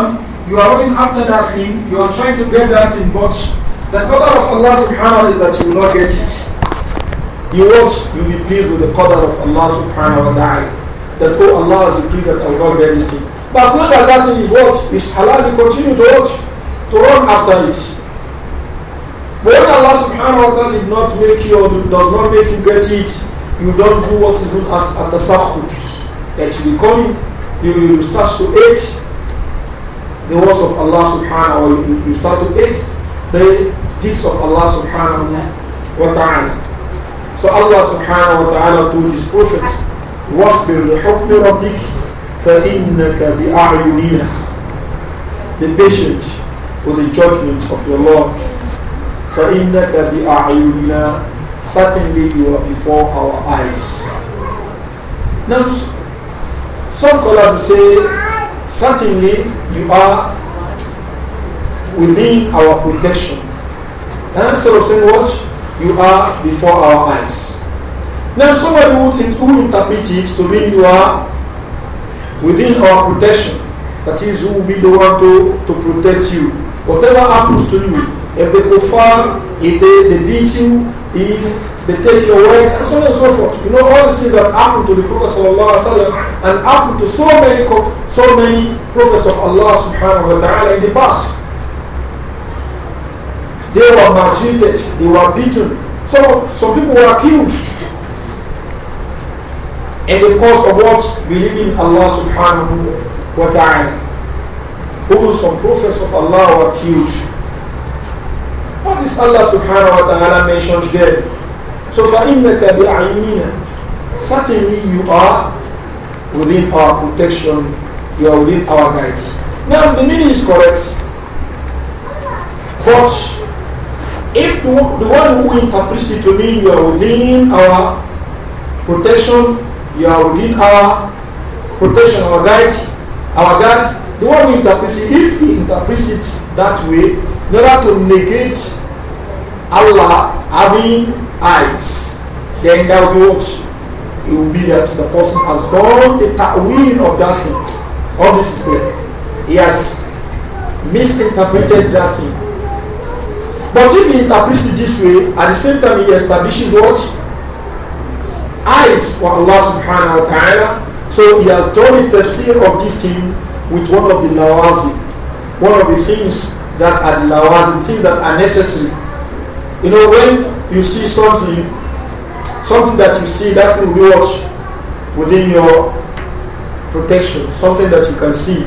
Islam, you are running after that thing, you are trying to get that thing, but the qadar of Allah subhanahu wa ta'ala is that you will not get it. You won't, you'll be pleased with the qadar of Allah subhanahu wa ta'ala. That, oh, Allah has agreed that I will not get this thing. But as long as that thing is what? It's halal, you continue to what? To run after it. when Allah subhanahu wa ta'ala did not make you or does not make you get it, you don't do what is known as at-tasakhut. That you become, you, will start to eat the words of Allah subhanahu wa ta'ala, you start to eat the deeds of Allah subhanahu wa ta'ala. So Allah subhanahu wa ta'ala to his prophet, وَاصْبِرْ لِحُكْمِ رَبِّكِ فَإِنَّكَ بِأَعْيُنِنَا Be patient with the judgment of your Lord. فَإِنَّكَ بِأَعْيُنِنَا Certainly you are before our eyes. Now, some scholars say certainly you are within our protection. And instead of saying what? You are before our eyes. Now somebody would, interpret it to mean you are within our protection. That is, who will be the one to, to protect you. Whatever happens to you, if they far, if they, they beat you, if they take your words, and so on and so forth. You know all these things that happened to the Prophet وسلم, and happened to so many so many prophets of Allah subhanahu wa ta'ala in the past. They were maltreated, they were beaten. Some some people were killed. And the cause of what? Believing Allah subhanahu wa ta'ala. Even some prophets of Allah were killed. What is Allah subhanahu wa ta'ala mentioned there? So فَإِنَّكَ بِأَعْيُنِنَا Certainly you are within our protection, you are within our rights. Now the meaning is correct. But if the, the one who interprets it to mean you are within our protection, you are within our protection, our guide, our guide, the one who interprets it, if he interprets it that way, in order to negate Allah having eyes, then there will be what? It will be that the person has done the ta'wil of that thing. All this is clear. He has misinterpreted that thing. But if he interprets it this way, at the same time he establishes what? Eyes for Allah subhanahu wa ta'ala. So he has done the tafsir of this thing with one of the lawazim, one of the things that are the lawazim, things that are necessary You know, when you see something, something that you see that will be within your protection, something that you can see.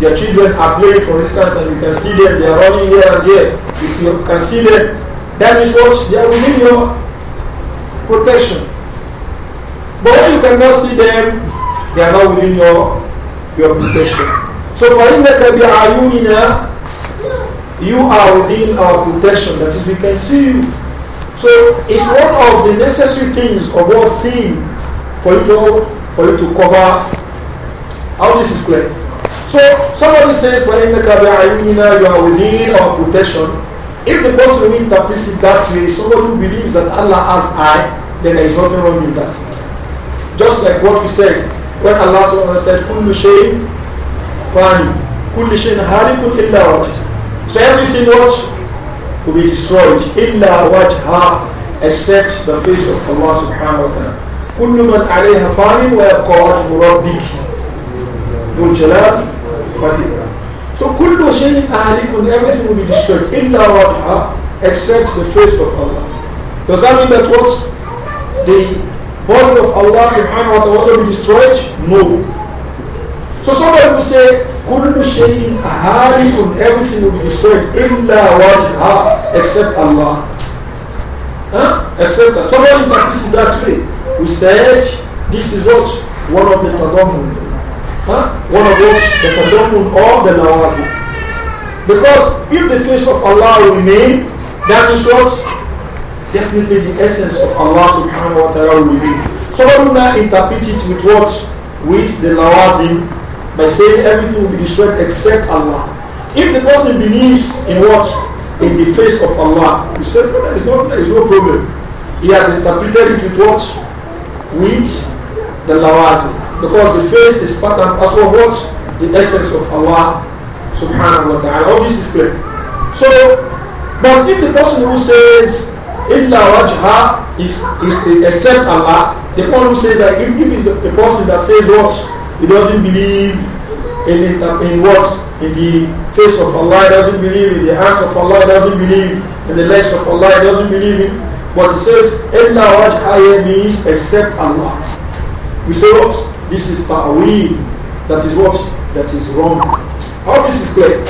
Your children are playing, for instance, and you can see them, they are running here and there. If you can see them, that is what they are within your protection. But when you cannot see them, they are not within your your protection. So for be فَإِنَّكَ بِعَيُونِنَا you are within our protection. That is, we can see you. So it's one of the necessary things of what sin for you to for you to cover. How this is clear. So somebody says, "You are within our protection." If the person who interprets it that way, somebody who believes that Allah has eye, then there is nothing wrong with that. Just like what we said when Allah said, "Kullu shayf fine, kullu shayf, harikun illa so everything what will be destroyed. Illa wajha, except the face of Allah subhanahu wa ta'ala. كل من عليها فان ويبقى وجه ربك ذو الجلال والإكرام. So كل شيء أهلك everything will be destroyed إلا وجهها except the face of Allah. Does that mean that what the body of Allah subhanahu wa ta'ala also be destroyed? No. So somebody will say, Kullu shayin harikun, everything will be destroyed, illa wajha, except Allah. Huh? Except that. Somebody interprets it that way. We said, this is what? One of the tadamun. Huh? One of what? The tadamun or the nawazi. Because if the face of Allah will remain, that is what? Definitely the essence of Allah subhanahu wa ta'ala will remain. Somebody will now interpret it with what? With the lawazim by saying everything will be destroyed except Allah. If the person believes in what? In the face of Allah, he said, well, there, is no, there is no problem. He has interpreted it with what? With the lawazim. Because the face is part and parcel of what? The essence of Allah subhanahu wa ta'ala. All this is clear. So, but if the person who says, Illa wajha is, is except Allah, the one who says that if, if it's a, a person that says what? He doesn't believe in, in, in what? In the face of Allah, he doesn't believe in the hands of Allah, he doesn't believe in the legs of Allah, he doesn't believe in. But it says, Allah wajhaya means except Allah. We say what? This is ta'weel. That is what? That is wrong. All this is clear.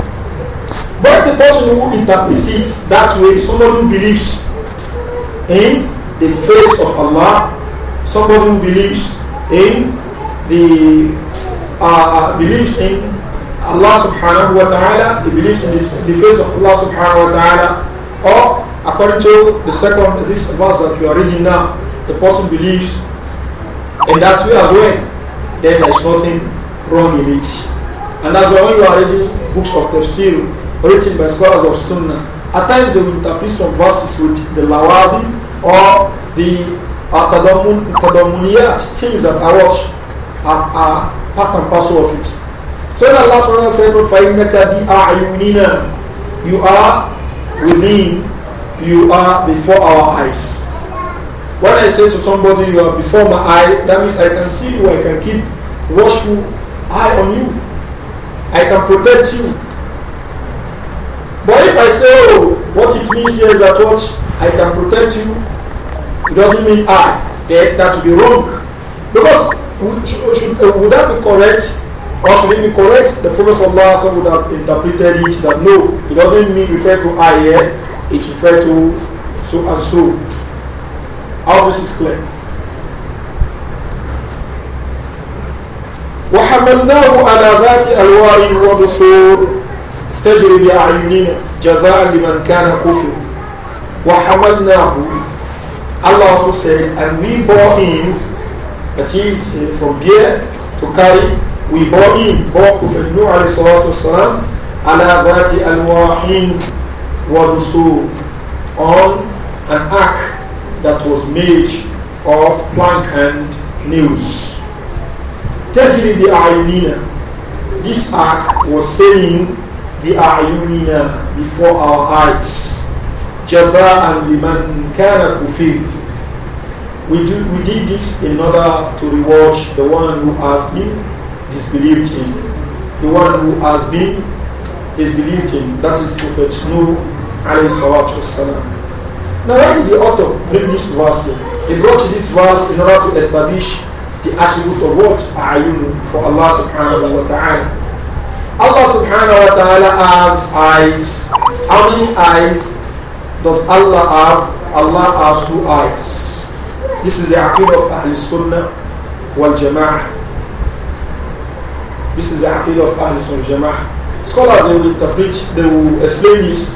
But the person who interprets it that way, somebody who believes in the face of Allah, somebody who believes in the uh, believes in Allah subhanahu wa ta'ala, he believes in this, the face of Allah subhanahu wa ta'ala, or according to the second, this verse that we are reading now, the person believes in that way as well, then there is nothing wrong in it. And as why when you are reading books of tafsir written by scholars of sunnah, at times they will interpret some verses with the lawazim or the uh, tadamuniyat, things that are what are, are part and parcel of it. So Allah subhanahu wa ta'ala said, فَإِنَّكَ بِأَعْيُنِنَا You are within, you are before our eyes. When I say to somebody, you are before my eye, that means I can see you, I can keep watchful eye on you. I can protect you. But if I say, oh, what it means here is that what I can protect you, it doesn't mean I. That, that would be wrong. Because should, uh, would that be correct? Or should it be correct? The Prophet of Allah would have interpreted it that no, it doesn't mean refer to I here, it refers to so and so. All this is clear. وحملناه على ذات ألواء ودسور تجري بأعيننا جزاء لمن كان كفر وحملناه Allah also said and we bore him that is uh, from beer to Kari. We bore in bore Prophet Nuh alayhi salatu wasalam ala dhati alwahin wa on an ark that was made of plank and nails. Tajri bi ayunina. This ark was sailing bi ayunina before our eyes. Jaza'an liman kana kufir we, do, we did this in order to reward the one who has been disbelieved in, the one who has been disbelieved in. That is Prophet Nuh Now why did the author bring this verse He brought this verse in order to establish the attribute of what? Ayun for Allah subhanahu wa ta'ala. Allah subhanahu wa ta'ala has eyes. How many eyes does Allah have? Allah has two eyes. This is the aqidah of Ahl Sunnah wal Jama'ah. This is the aqidah of Ahl Sunnah Jama'ah. Scholars, they will interpret, they will explain this.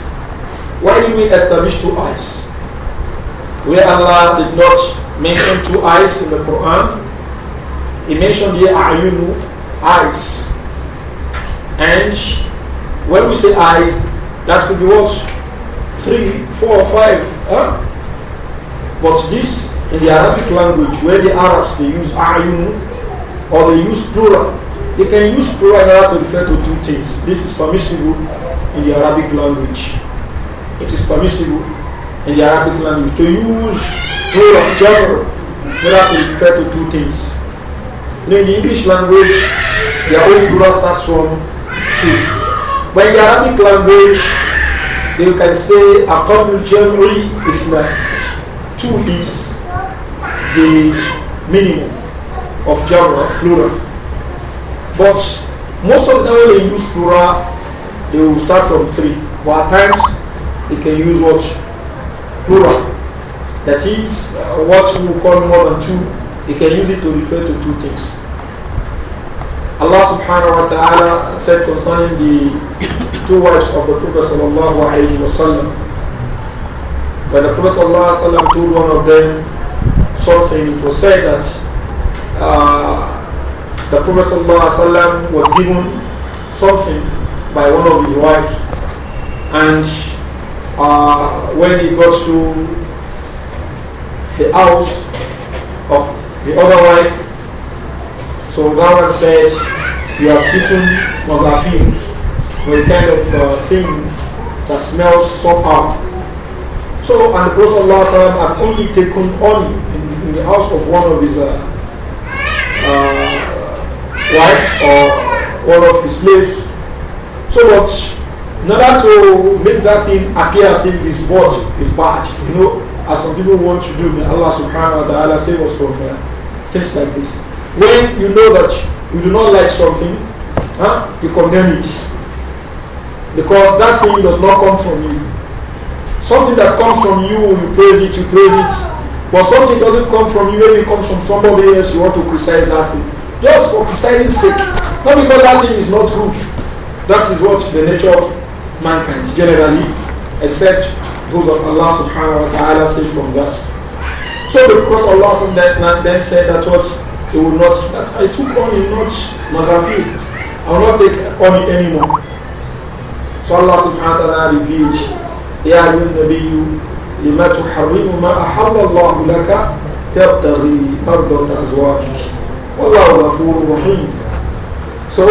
Why did we establish two eyes? Where Allah did not mention two eyes in the Quran, He mentioned the ayunu, eyes. And when we say eyes, that could be what? Three, four, five. Huh? But this in the Arabic language where the Arabs they use ayun or they use plural. They can use plural in order to refer to two things. This is permissible in the Arabic language. It is permissible in the Arabic language to use plural general in order to refer to two things. You in the English language, the Arabic plural starts from two. But in the Arabic language, they can say "a أقام is إثنان. Two is the minimum of of plural. But most of the time when they use plural, they will start from three. But at times, they can use what? Plural. That is, uh, what we call more than two, they can use it to refer to two things. Allah subhanahu wa ta'ala said concerning the two wives of the Prophet sallallahu alayhi wa sallam, when the Prophet sallallahu alayhi wa sallam told one of them, something, it was said that uh, the Prophet ﷺ was given something by one of his wives. And uh, when he got to the house of the other wife, so that one said, You have eaten Magafim, the kind of uh, thing that smells so bad." So, and the Prophet ﷺ had only taken honey in the house of one of his uh, uh, wives or one of his slaves. So what? In order to make that thing appear as if it's bought, it's bad, you know, as some people want to do, may Allah subhanahu wa ta'ala save us from uh, things like this. When you know that you do not like something, huh, you condemn it. Because that thing does not come from you. Something that comes from you, you praise it, you praise it, but something doesn't come from you, it comes from somebody else, you want to criticize that thing. Just for criticising sake. Not because that thing is not good. That is what the nature of mankind generally, except those of Allah subhanahu wa ta'ala say from that. So because Allah then, Taala said that what he would not, that I took on him not Magafi. I will not take on it anymore. So Allah subhanahu wa ta'ala revealed, Ya be you. لما تحرم ما أحل الله لك تبتغي أزواجك والله غفور رحيم So,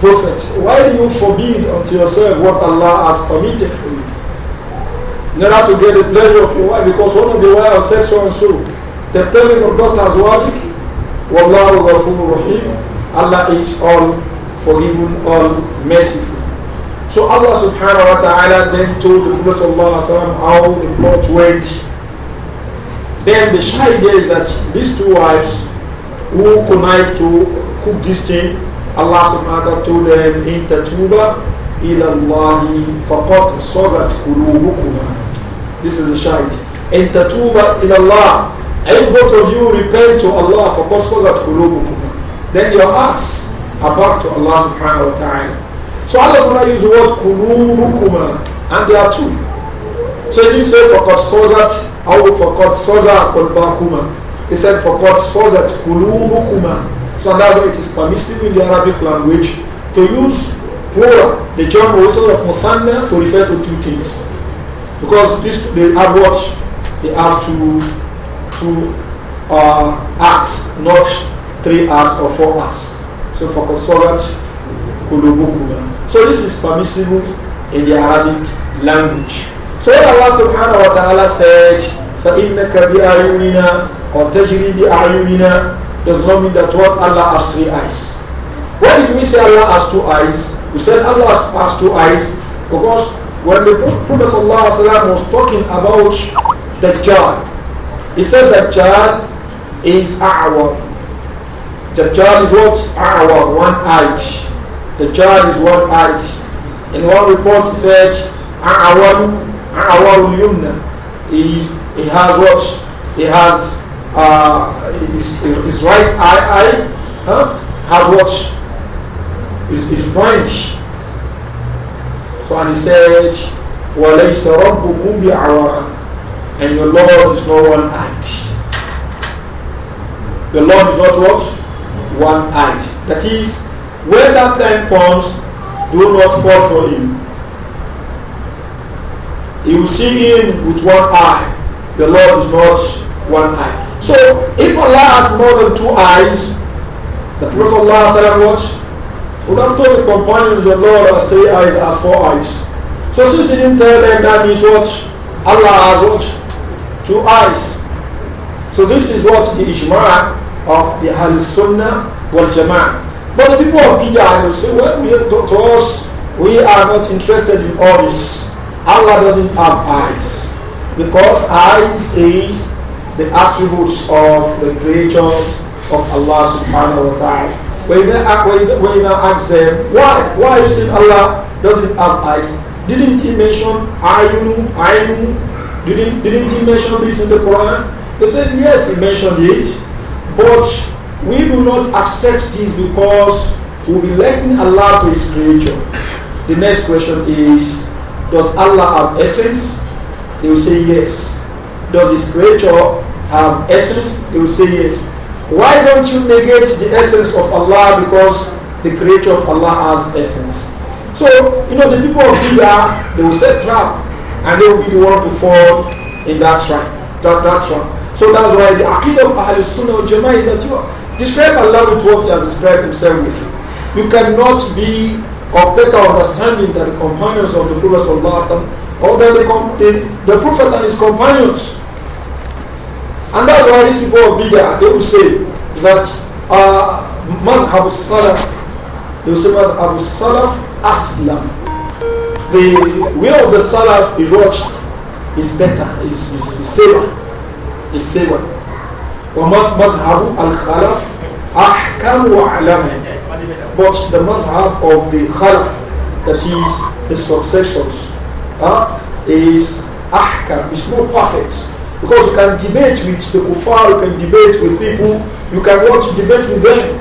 Prophet, why do you forbid unto yourself what Allah has permitted for you? In order to get the pleasure of your wife, because one of your wives said so and so. of مرضة أزواجك والله غفور رحيم Allah is all forgiving, all merciful. So Allah subhanahu wa ta'ala then told the Prophet sallam, how the plot went. Then the shy is that these two wives who connived to cook this thing, Allah subhanahu wa ta'ala told them, In tatuba ila Allahi faqat sagat kulubukuma. This is the shy. In tatuba ilallah, If both of you repent to Allah faqat sagat kulubukuma. Then your hearts are back to Allah subhanahu wa ta'ala. So Allah Ta'ala use the word kulubukuma, and there are two. So he didn't say for sodat, how call soda kulbakuma. He said for fakot sodat kulubukuma. So that's why it is permissible in the Arabic language to use plural, the general also of muthanna, to refer to two things. Because this, they have what? They have two, two uh, acts, not three acts or four acts. So for consolat, kulubukuma. So this is permissible in the Arabic language. So what Allah subhanahu wa ta'ala said, فَإِنَّكَ بِأَعْيُنِنَا or تَجْرِي بِأَعْيُنِنَا does not mean that what Allah has three eyes. Why did we say Allah has two eyes? We said Allah has two eyes because when the Prophet ﷺ was talking about the Dajjal, he said that Dajjal is A'war. Dajjal is what? A'war, one-eyed the child is one eyed. In one report, he said, A'awal, A'awal Yumna. He, he has what? He has uh, his, his right eye, eye huh? has his is blind. So, and he said, وَلَيْسَ رَبُّكُمْ بِعَوَرًا And your Lord is not one eyed. The Lord is not what? One eyed. That is, when that time comes, do not fall for him. You will see him with one eye. The Lord is not one eye. So if Allah has more than two eyes, the Prophet Allah said, what? would have told the companions the Lord has three eyes, as four eyes. So since he didn't tell them that means what? Allah has what? Two eyes. So this is what the ijma of the Ahl Sunnah wal Jama'ah. But the people of Bid'ah, will say, well, we, to us, we are not interested in all this. Allah doesn't have eyes. Because eyes is the attributes of the creatures of Allah subhanahu wa ta'ala. When you now ask them, why? Why you saying Allah doesn't have eyes? Didn't he mention Ayunu, Ayunu? Didn't, didn't he mention this in the Quran? They said, yes, he mentioned it, but we do not accept this because we'll be letting Allah to His creature. The next question is Does Allah have essence? They will say yes. Does His creature have essence? They will say yes. Why don't you negate the essence of Allah because the creature of Allah has essence? So, you know, the people of Bida, they will set trap and they will be the one to fall in that trap. That, that trap. So that's why the Aqid of Ahlul Sunnah al Jama'ah is that you are, Describe Allah with what He has described Himself with. You cannot be of better understanding than the companions of the Prophet or than the, the, the Prophet and his companions. And that's why these people of Bida, they will say that uh, Salaf, they will say Madhab Salaf Aslam. The way of the Salaf is what? Is better, is, is, is safer, is safer. ومذهب الخلف أحكم وأعلم but the madhab of the khalaf that is the successors uh, is ahkam it's not perfect because you can debate with the kuffar you can debate with people you can want to debate with them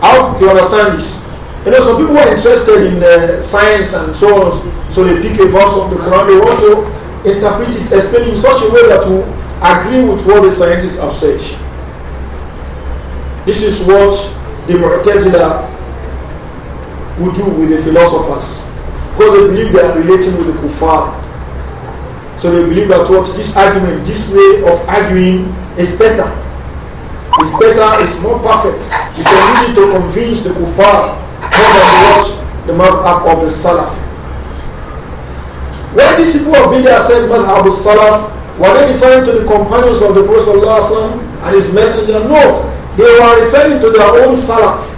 how do you understand this you know some people are interested in uh, science and so on so they pick a verse of the Quran they want to interpret it explain in such a way that will agree with what the scientists have said. This is what the Mu'tazila would do with the philosophers. Because they believe they are relating with the kuffar. So they believe that what this argument, this way of arguing is better. It's better, it's more perfect. You can use it to convince the kuffar more than what the madhab of the salaf. When these people of India said madhab al-salaf, were they referring to the companions of the Prophet and his messenger? No. They were referring to their own Salaf.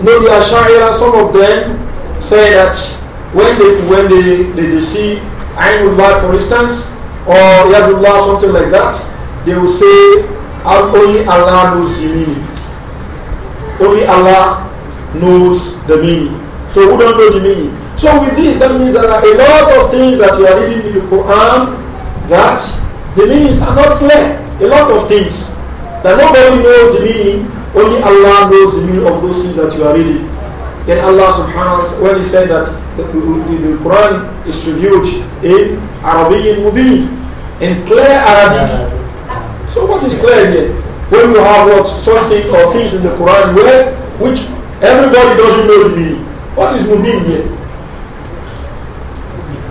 You know, the some of them say that when they when they, they, they see Ainullah, for instance, or Yadullah, something like that, they will say, only Allah knows the meaning. Only Allah knows the meaning. So we don't know the meaning. So with this, that means there are a lot of things that we are reading in the Quran that the meanings are not clear. A lot of things that nobody knows the meaning, only Allah knows the meaning of those things that you are reading. Then Allah subhanahu wa ta'ala, when He said that the, the, the Quran is reviewed in Arabic Mubin, in clear Arabic. So what is clear here? When you have what something or things in the Quran where which everybody doesn't know the meaning. What is Mubin here?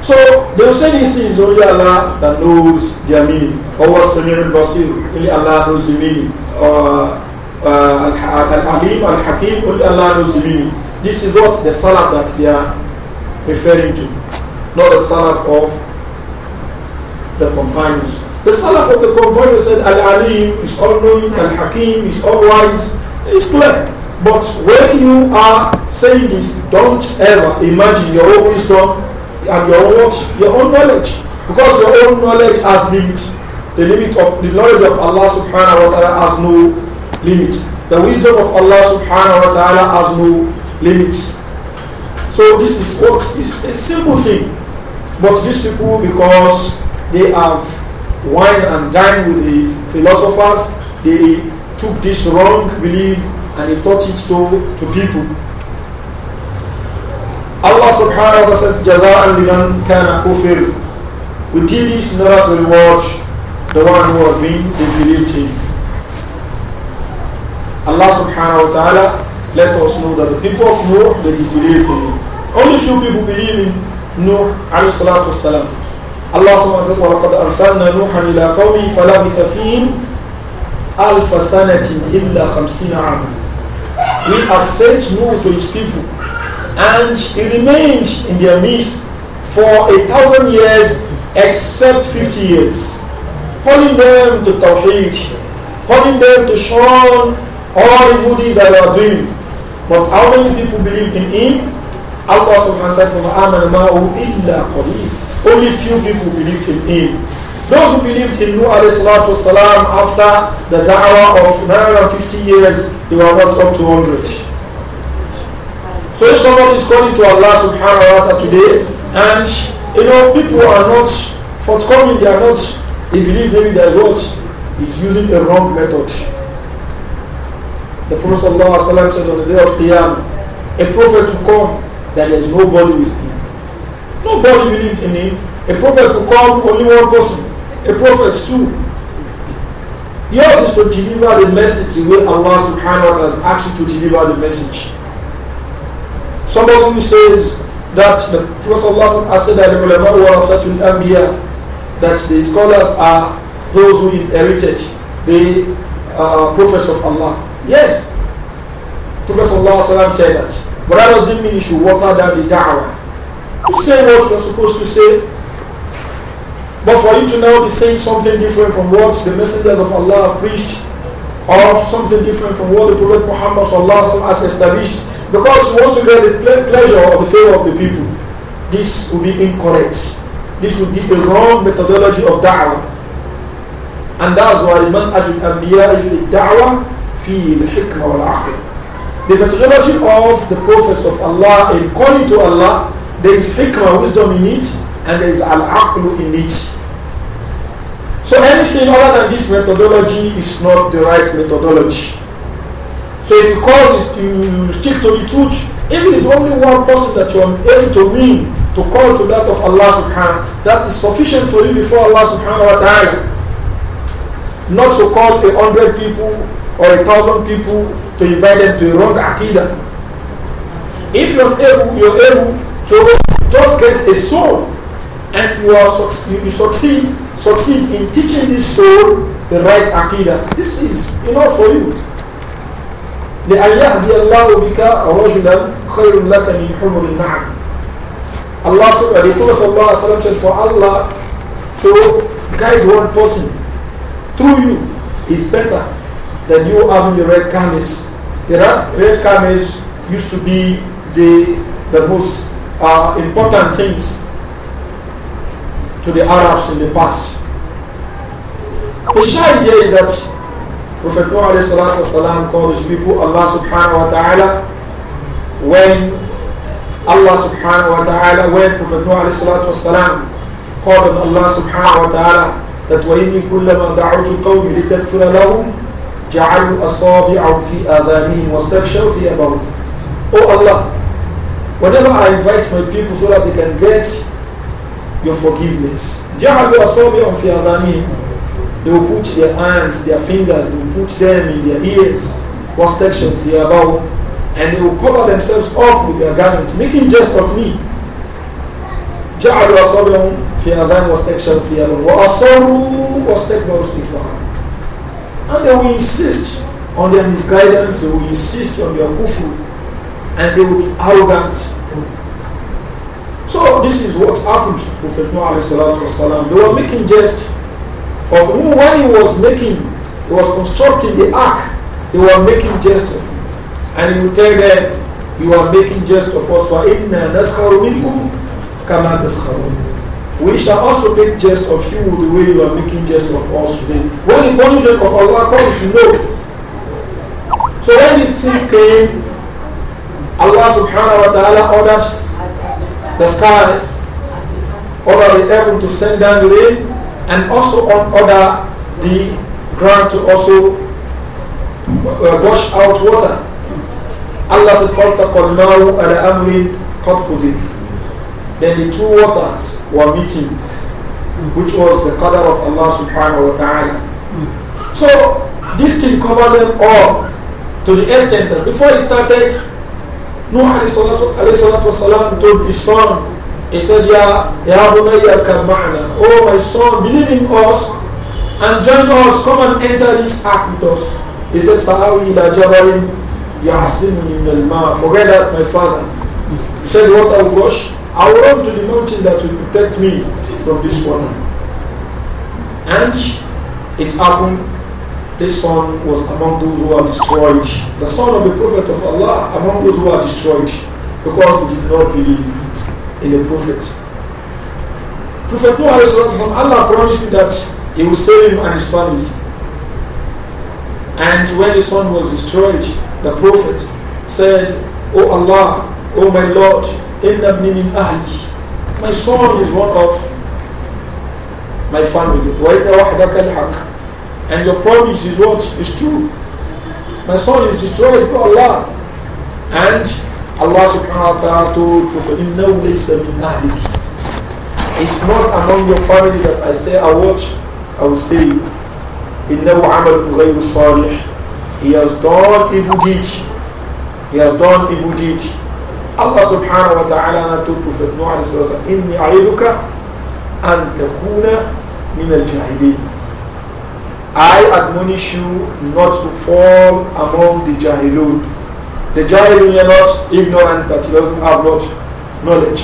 So they will say this is only Allah that knows their meaning. Or was Samir al Basir, only Allah knows the meaning. Or uh, Al Alim Al Hakim, only Allah knows the meaning. This is what the Salaf that they are referring to, not the Salaf of the companions. The Salaf of the companions said Al Alim is all knowing, Al Hakim is all wise. It's clear. But when you are saying this, don't ever imagine your own wisdom and your own what? Your own knowledge. Because your own knowledge has limit. The limit of the knowledge of Allah subhanahu wa ta'ala has no limit. The wisdom of Allah subhanahu wa ta'ala has no limit. So this is what is a simple thing. But these people, because they have wine and dine with the philosophers, they took this wrong belief and they taught it to, to people. Allah سبحانه وتعالى جزاء لمن كان liman kana kufir. We did in order to reward the one who has been defeated. Allah subhanahu wa ta'ala let us know that the people of Noah, they disbelieved in him. Only few people believe in Noah alayhi salatu wasalam. Allah subhanahu wa ta'ala said, وَلَقَدْ أَرْسَلْنَا نُوحًا إِلَىٰ قَوْمِهِ فَلَبِثَ فِيهِمْ أَلْفَ سَنَةٍ إِلَّا خَمْسِينَ عَامًا We have sent Noah to his people and he remained in their midst for a thousand years except 50 years, calling them to Tawheed, calling them to shun all evil deeds that they are doing. But how many people believe in him? Allah subhanahu wa ta'ala from Aman illa Only few people believed in him. Those who believed in Nuh alayhi salatu after the da'wah of 950 years, they were not up to 100. So if someone is calling to Allah subhanahu wa ta'ala today and you know people are not forthcoming, they are not, they believe maybe there's is using a wrong method. The Prophet ﷺ said on the day of Qiyamah, a prophet will come that there is nobody with him. Nobody believed in him. A prophet will come, only one person. A prophet, two. Yours is to deliver the message the way Allah subhanahu wa ta'ala has asked you to deliver the message. Somebody who says that the Prophet Allah has said that the ulama that the scholars are those who inherited the uh, prophets of Allah. Yes, Prophet Allah said that. But that doesn't mean you should water down the da'wah. You say what you're supposed to say, but for you to now be saying something different from what the messengers of Allah have preached, or something different from what the Prophet Muhammad has established, because you want to get the ple pleasure or the favor of the people. This will be incorrect. This will be a wrong methodology of da'wah. And that's why man ajul anbiya fi da'wah fi al-hikmah wal-aql. The methodology of the prophets of Allah in calling to Allah, there is hikmah, wisdom in it, and there is al-aql in it. So anything other than this methodology is not the right methodology. So if you call this, you stick to the truth. If it is only one person that you are able to win, to call to that of Allah subhanahu that is sufficient for you before Allah subhanahu wa ta'ala. Not to call a hundred people or a thousand people to invite them to the wrong aqidah. If you're able, you're able to just get a soul and you are you succeed succeed in teaching this soul the right aqidah. This is enough for you. لأن يهدي الله بك رجلا خير لك من حمر النعم Allah subhanahu wa ta'ala said for Allah to guide one person through you is better than you having the red camels. The red camels used to be the, the most uh, important things to the Arabs in the past. The shy idea is that Prophet Nuh والسلام, called his people Allah subhanahu wa ta'ala when Allah subhanahu wa ta'ala when Prophet Nuh والسلام, called on Allah subhanahu wa ta'ala that وَإِنِّي كُلَّمَا دَعَوْتُ قَوْمِ لِتَكْفُرَ لَهُمْ جَعَلُوا أَصَابِعَهُمْ فِي آذَانِهِمْ وَاسْتَغْشَوْا ثِيَابَهُمْ Oh Allah, whenever I invite my people so that they can get your forgiveness, جَعَلُوا أَصَابِعَهُمْ فِي آذَانِهِمْ they will put their hands, their fingers, they will put them in their ears, was sections here about, and they will cover themselves off with their garments, making jest of me. And they will insist on their misguidance, they will insist on their kufru, and they will be arrogant. So this is what happened to Prophet Noah. They were making jest of who, when he was making, he was constructing the ark, he was making jest of him And he would tell them, you are making jest of us. وَإِنَّا نَسْخَرُ مِنْكُمْ كَمَا We shall also make jest of you the way you are making jest of us today. When the punishment of Allah comes, you know. So when the thing came, Allah subhanahu wa ta'ala ordered the skies, ordered the heaven to send down rain, and also on other the ground to also uh, wash out water. Allah said, فَالْتَقَلْنَاهُ عَلَى أَمْرٍ قَدْ Then the two waters were meeting, which was the qadr of Allah subhanahu wa ta'ala. So, this thing covered them all to the extent that before it started, Nuh alayhi salatu wasalam told his son, he said, Ya, ya Bunayya Karma'na, Oh my son, believe in us and join us, come and enter this ark with us. He said, "Sahawi ila jabarin ya'asimu min al-ma. Forget that, my father. He said, what I'll rush? I'll run to the mountain that will protect me from this water. And it happened, this son was among those who are destroyed. The son of the Prophet of Allah among those who are destroyed because he did not believe in the Prophet. Prophet Muhammad, Allah promised me that He will save him and his family. And when his son was destroyed, the Prophet said, O oh Allah, O oh my Lord, innabni min ahli. My son is one of my family. And your promise is what is true. My son is destroyed, O oh Allah. And Allah subhanahu wa ta'ala told Prophet, إِنَّهُ لَيْسَ It's not among your family that I say I watch, I will say إِنَّهُ عَمَلُ غَيْرُ صَالِحِ He has done evil deeds. He has done evil deeds. Allah subhanahu wa ta'ala told Prophet Nuh alayhi sallallahu alayhi wa sallam, إِنِّي أَعِذُكَ أَن تَكُونَ مِنَ الْجَاهِلِينَ I admonish you not to fall among the Jahilun. The jahil is not ignorant that he doesn't have much knowledge.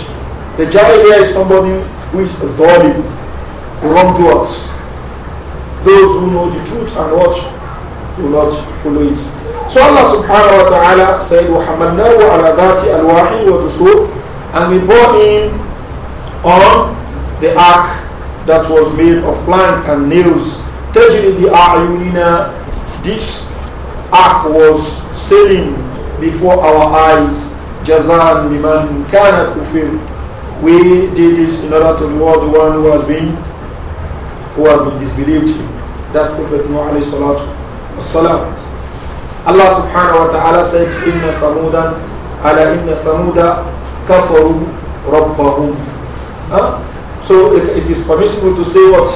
The jahil is somebody who is zalim, wrongdoers. Those who know the truth and what do not follow it. So Allah subhanahu wa ta'ala said, وَحَمَلْنَاهُ عَلَى ذَاتِ أَلْوَاحٍ وَدُسُورٍ And we brought him on the ark that was made of plank and nails. تَجْرِ بِأَعْيُنِنَا This ark was sailing before our eyes. Jazan liman kana kufir. We did this in order to reward the one who has been who has been disbelieved. That's Prophet Nuh alayhi salatu wassalam. Allah subhanahu wa ta'ala said, Inna famudan ala inna famuda kafaru rabbahum. Huh? So it, it is permissible to say what?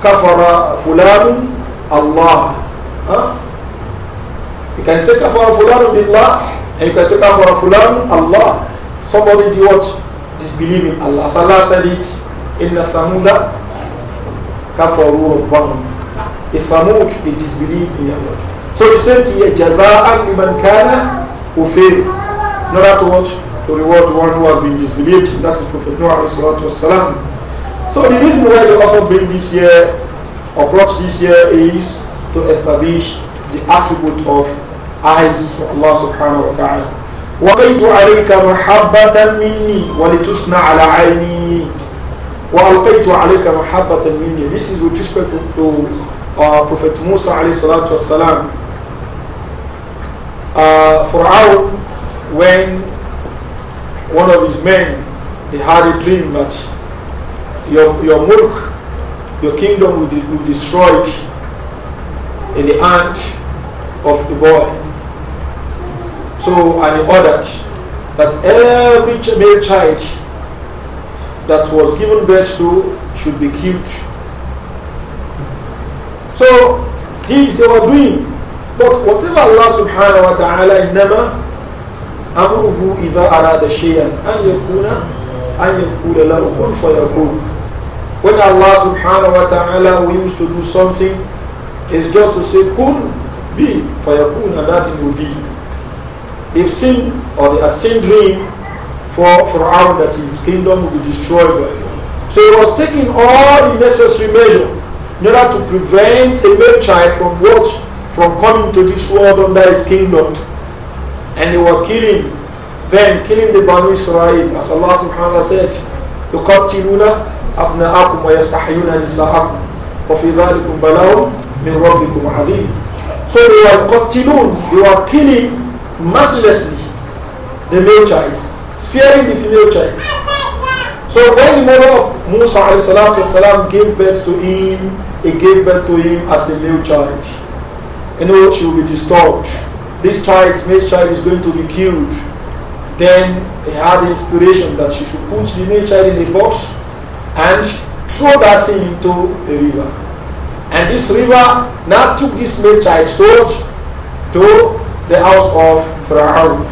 Kafara fulanun Allah. Huh? You can say kafara fulan billah and you can say kafara fulan Allah. Somebody did what? Disbelieving Allah. So Allah said it in the Thamuda kafaru rabbahum. The Thamud, they disbelieve in Allah. So the same thing here, jaza'an liman kana ufir. In order to watch, to reward one who has been disbelieved. That's the Prophet Noah wasalam. So the reason why the author bring this year or brought this year is to establish the attribute of eyes for Allah subhanahu wa ta'ala. وقيت عليك محبة مني ولتصنع على عيني وألقيت عليك محبة مني This is with respect to uh, Prophet Musa عليه الصلاة uh, For Aaron, when one of his men he had a dream that your, your mulk, your kingdom will be, destroyed in the hand of the boy. So, and ordered that every male child that was given birth to should be killed. So, this they were doing. But whatever Allah subhanahu wa ta'ala innama أمره إذا أراد شيئا أن يكون أن يقول له كن When Allah subhanahu wa ta'ala wills to do something, it's just to say kun B. فَيَكُونَ لَازِمْ يُضِي They've seen or they have seen rain for Pharaoh that his kingdom will be destroyed. So he was taking all the necessary measures in order to prevent a male child from what? From coming to this world under his kingdom. And they were killing them, killing the Banu Israel, as Allah subhanahu wa ta'ala said, يُقَتِّلُونَ أَبْنَاءَكُمْ وَيَسْتَحْيُونَ نِسَاءَكُمْ وَفِي ذَلِكُمْ بَلَاهُمْ مِنْ رَبِّكُمْ عَظِيمٌ so they were continuing, they were killing mercilessly the male child, sparing the female child. So when the mother of Musa والسلام, gave birth to him, he gave birth to him as a male child. You know, she will be disturbed. This child, male child, is going to be killed. Then he had the inspiration that she should put the male child in a box and throw that thing into the river. And this river now took this male child to, to the house of Pharaoh.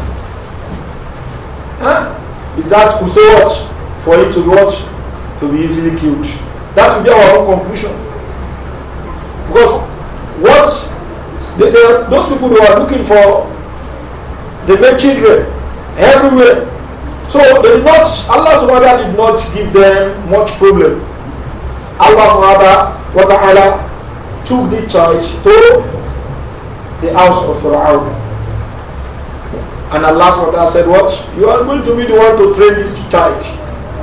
Huh? Is that so what? For it to be what? To be easily killed. That will be our own conclusion. Because what those people who are looking for the male children everywhere. So they did not Allah subhanahu wa ta'ala did not give them much problem. Allah subhanahu wa ta'ala took the child to the house of Pharaoh. And Allah SWT said, What? You are going to be the one to train this child,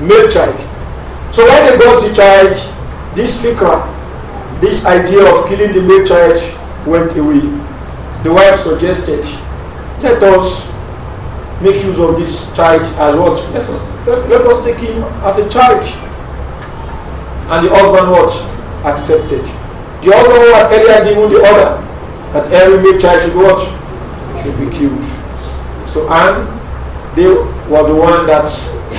male child. So when they got the child, this fikra, this idea of killing the male child went away. The wife suggested, Let us make use of this child as what? Let us, let, let us take him as a child. And the husband what? Accepted. The other one had earlier given the order that every male child should watch, should be killed. So, and they were the one that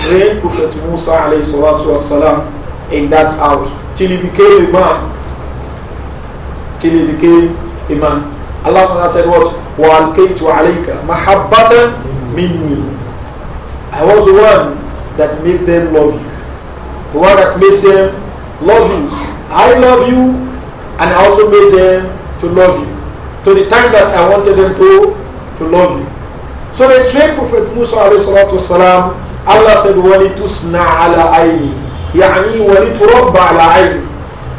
trained Prophet Musa والسلام, in that house till he became a man. Till he became a man. Allah said what? وَأَلْكَيْتُ عَلَيْكَ مَحَبَّةً مِنِّي I was the one that made them love you. The one that made them love you. I love you and I also made them to love you to the time that I wanted them to, to love you. So they trained Prophet Musa والسلام, Allah said, وَلِتُسْنَا عَلَىٰ عَيْنِي يعني وَلِتُرَبَّ ala aini."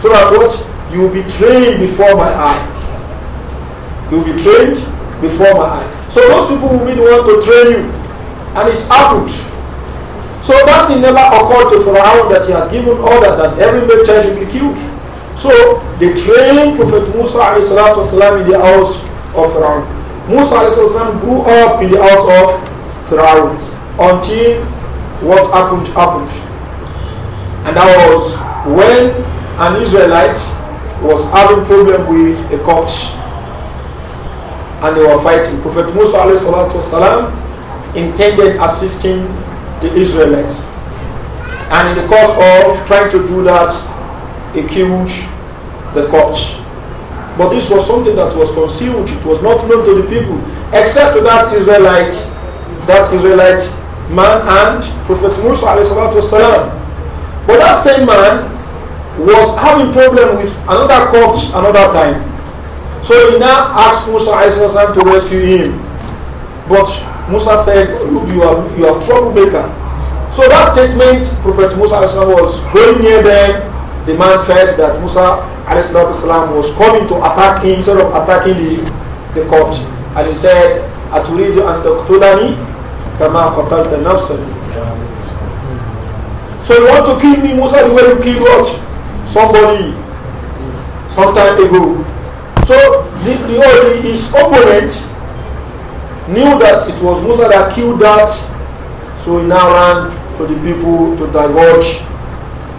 So that what? You will be trained before my eye. You will be trained before my eye. So those people will be the one to train you. And it happened. So that thing never occurred to Pharaoh that he had given order that every male child should be killed. So they trained Prophet Musa والسلام, in the house of Pharaoh. Musa والسلام, grew up in the house of Pharaoh until what happened happened. And that was when an Israelite was having problem with a cop, and they were fighting. Prophet Musa والسلام, intended assisting the Israelites. And in the course of trying to do that, he killed the court, But this was something that was concealed, it was not known to the people, except to that Israelite, that Israelite man and Prophet Musa But that same man was having problem with another court another time. So he now asked Musa والسلام, to rescue him. But Musa said, Look, you are you are troublemaker. So that statement, Prophet Musa والسلام, was going near them the man felt that Musa والسلام, was coming to attack him instead of attacking the, the corpse. And he said, أتريد أن تقتلني كما قتلت نفسا So you want to kill me, Musa, the way you killed what? Somebody some time ago. So the, the, the, his opponent knew that it was Musa that killed that. So he now ran to the people to divulge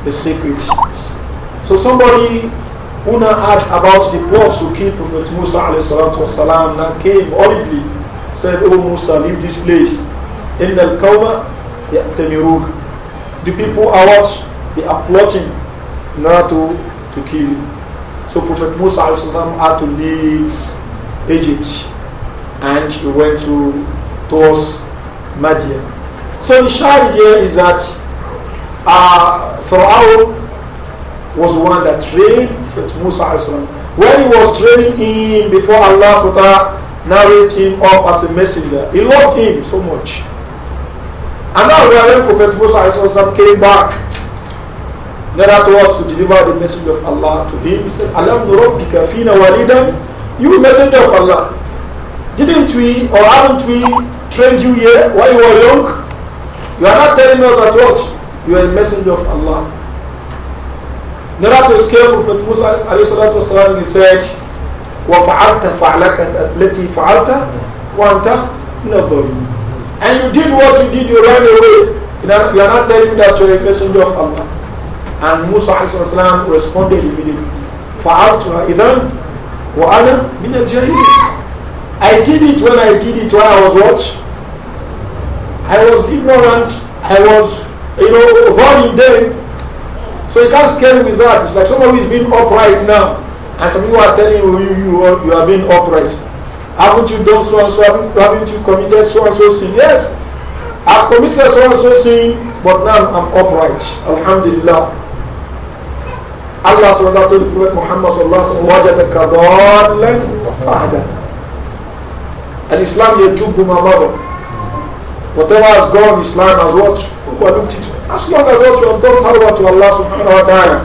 the secret. So somebody who now heard about the plots to kill Prophet Musa salam now came hurriedly, said, Oh Musa, leave this place. In the cover the people are what? They are plotting now to, to kill. So Prophet Musa salam had to leave Egypt and he went to towards Madian. So the shahid here is that uh, our was the one that trained Musa When he was training him before Allah SWT raised him up as a messenger, he loved him so much. And now when Prophet Musa came back, in afterwards to, deliver the message of Allah to him, he said, Alam Rabbika fina walidan, you messenger of Allah. Didn't we or haven't we trained you here while you were young? You are not telling us that what? You are a messenger of Allah. نرى سكيبو في موسى عليه الصلاة والسلام نساج وفعلت فعلك التي فعلت وأنت من الظالمين and you did what you did you ran away you are not telling that you are a messenger of Allah and Musa عليه الصلاة والسلام responded immediately فعلتها إذن وأنا من الجاهلين I did it when I did it when I was what I was ignorant I was you know running them So you can't scale with that. It's like somebody who is being upright now, and some people are telling you you, you, are, you are being upright. Haven't you done so and so? Haven't you committed so and so sin? Yes, I've committed so and so sin, but now I'm upright. Alhamdulillah. Allah subhanahu wa ta'ala told the Prophet Muhammad sallallahu alaihi wasallam, "Wajadaka And Islam my mother. Whatever has gone, Islam has what? Overlooked it. As long as what you have done tawbah to Allah subhanahu wa ta'ala.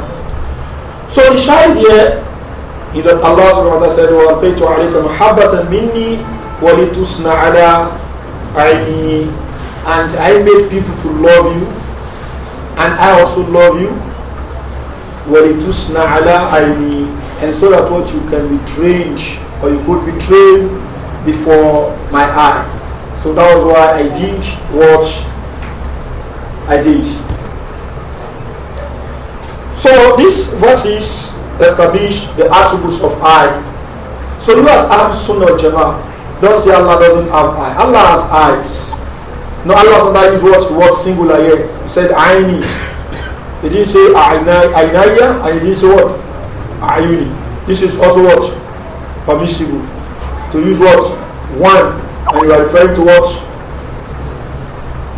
So the shahid here is that Allah subhanahu wa ta'ala said, وَأَلْقَيْتُ to مُحَبَّةً مِنِّي وَلِتُسْنَ And I made people to love you, and I also love you. walitusna عَلَىٰ aini, And so that what you can be trained, or you could be trained before my eye. So that was why I did what I did. So these verses establish the attributes of I. So you as Ahl Sunnah Jama, don't say Allah doesn't have I? Allah has eyes. No, Allah does not use what the word singular here. He said Aini. He didn't say Ainaya and he didn't say what? Ayuni. This is also what? Permissible. To use what? One and you are referring to what?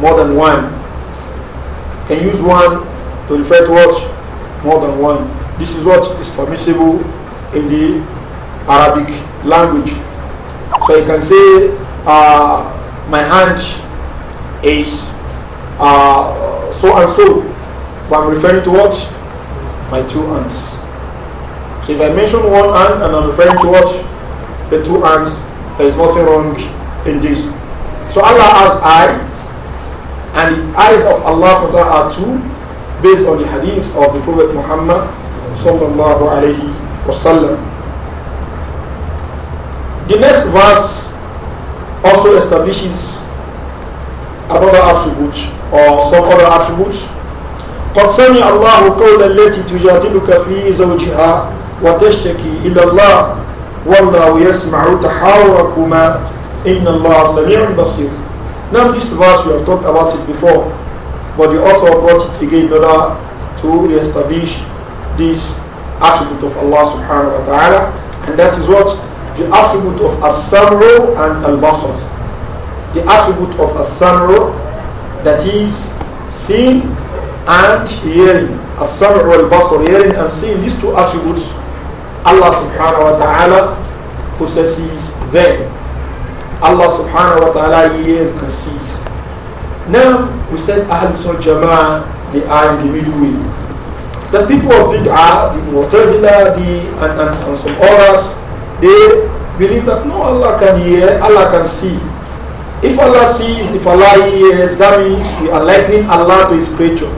More than one. Can use one to refer to what? More than one. This is what is permissible in the Arabic language. So you can say, uh, my hand is uh, so and so, but I'm referring to what? My two hands. So if I mention one hand and I'm referring to what? The two hands, there is nothing wrong in this. So Allah has eyes, and the eyes of Allah are two, based on the hadith of the Prophet Muhammad sallallahu alayhi wasallam. The next verse also establishes another attribute or some other attributes قد سمع الله قول التي تجادلك في زوجها وتشتكي إلى الله والله yasmau تحاوركما Inna Allah Sami'un Basir. Now this verse, we have talked about it before, but the author brought it again in order to re-establish this attribute of Allah subhanahu wa ta'ala, and that is what? The attribute of As-Samru and Al-Basr. The attribute of As-Samru, that is seeing and hearing. As-Samru Al-Basr, hearing and seeing, these two attributes, Allah subhanahu wa ta'ala possesses them. Allah subhanahu wa ta'ala hears and sees. Now, we said Ahlul Sunnah Jama'ah, they are in the middle way. The people of Bid'ah, the Mu'tazila, the, and, and, and some others, they believe that no, Allah can hear, Allah can see. If Allah sees, if Allah hears, that means we are likening Allah to His creature.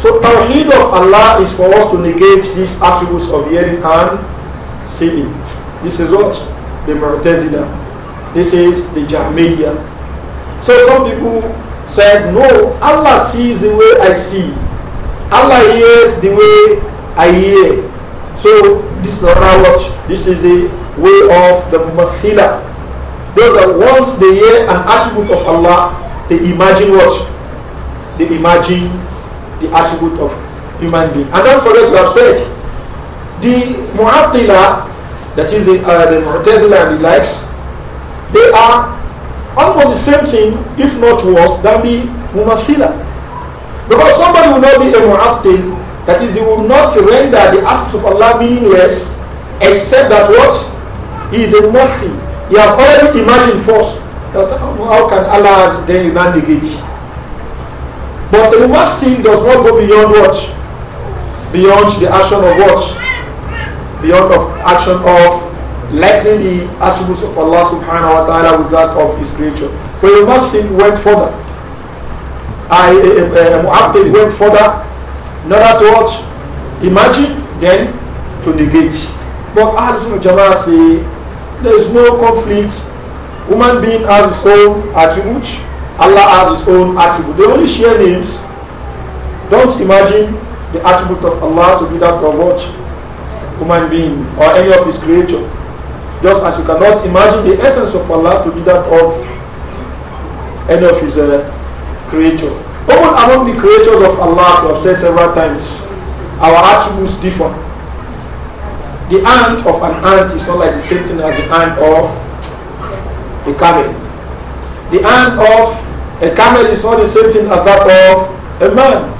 So Tawheed of Allah is for us to negate these attributes of hearing and seeing. This is what? The Mu'tazila. This is the Jahmiyyah. So some people said, No, Allah sees the way I see. Allah hears the way I hear. So this is not our watch. this is the way of the Mathila. Those that once they hear an attribute of Allah, they imagine what? They imagine the attribute of human being. And don't forget we have said the Mu'attila, that is the, uh, the Mu'tazila and the likes, they are almost the same thing, if not worse, than the mumathila. Because somebody will not be a mu'attil, that is, he will not render the acts of Allah meaningless, except that what? He is a mumathil. He has already imagined first that how can Allah then negate? But the mumathil does not go beyond what? Beyond the action of what? Beyond of action of likening the attributes of Allah subhanahu wa ta'ala with that of his creature. So the Muslim went further. I uh, uh, uh went further in order to what? Imagine then to negate. But Ahl Sunnah Jama'ah say there is no conflict. Human being has his own attribute. Allah has his own attribute. They only share names. Don't imagine the attribute of Allah to be that of what? Human being or any of his creature. Just as you cannot imagine the essence of Allah to be that of any of his uh, creatures. Even among the creatures of Allah, as so I've said several times, our attributes differ. The ant of an ant is not like the same thing as the ant of a camel. The ant of a camel is not the same thing as that of a man.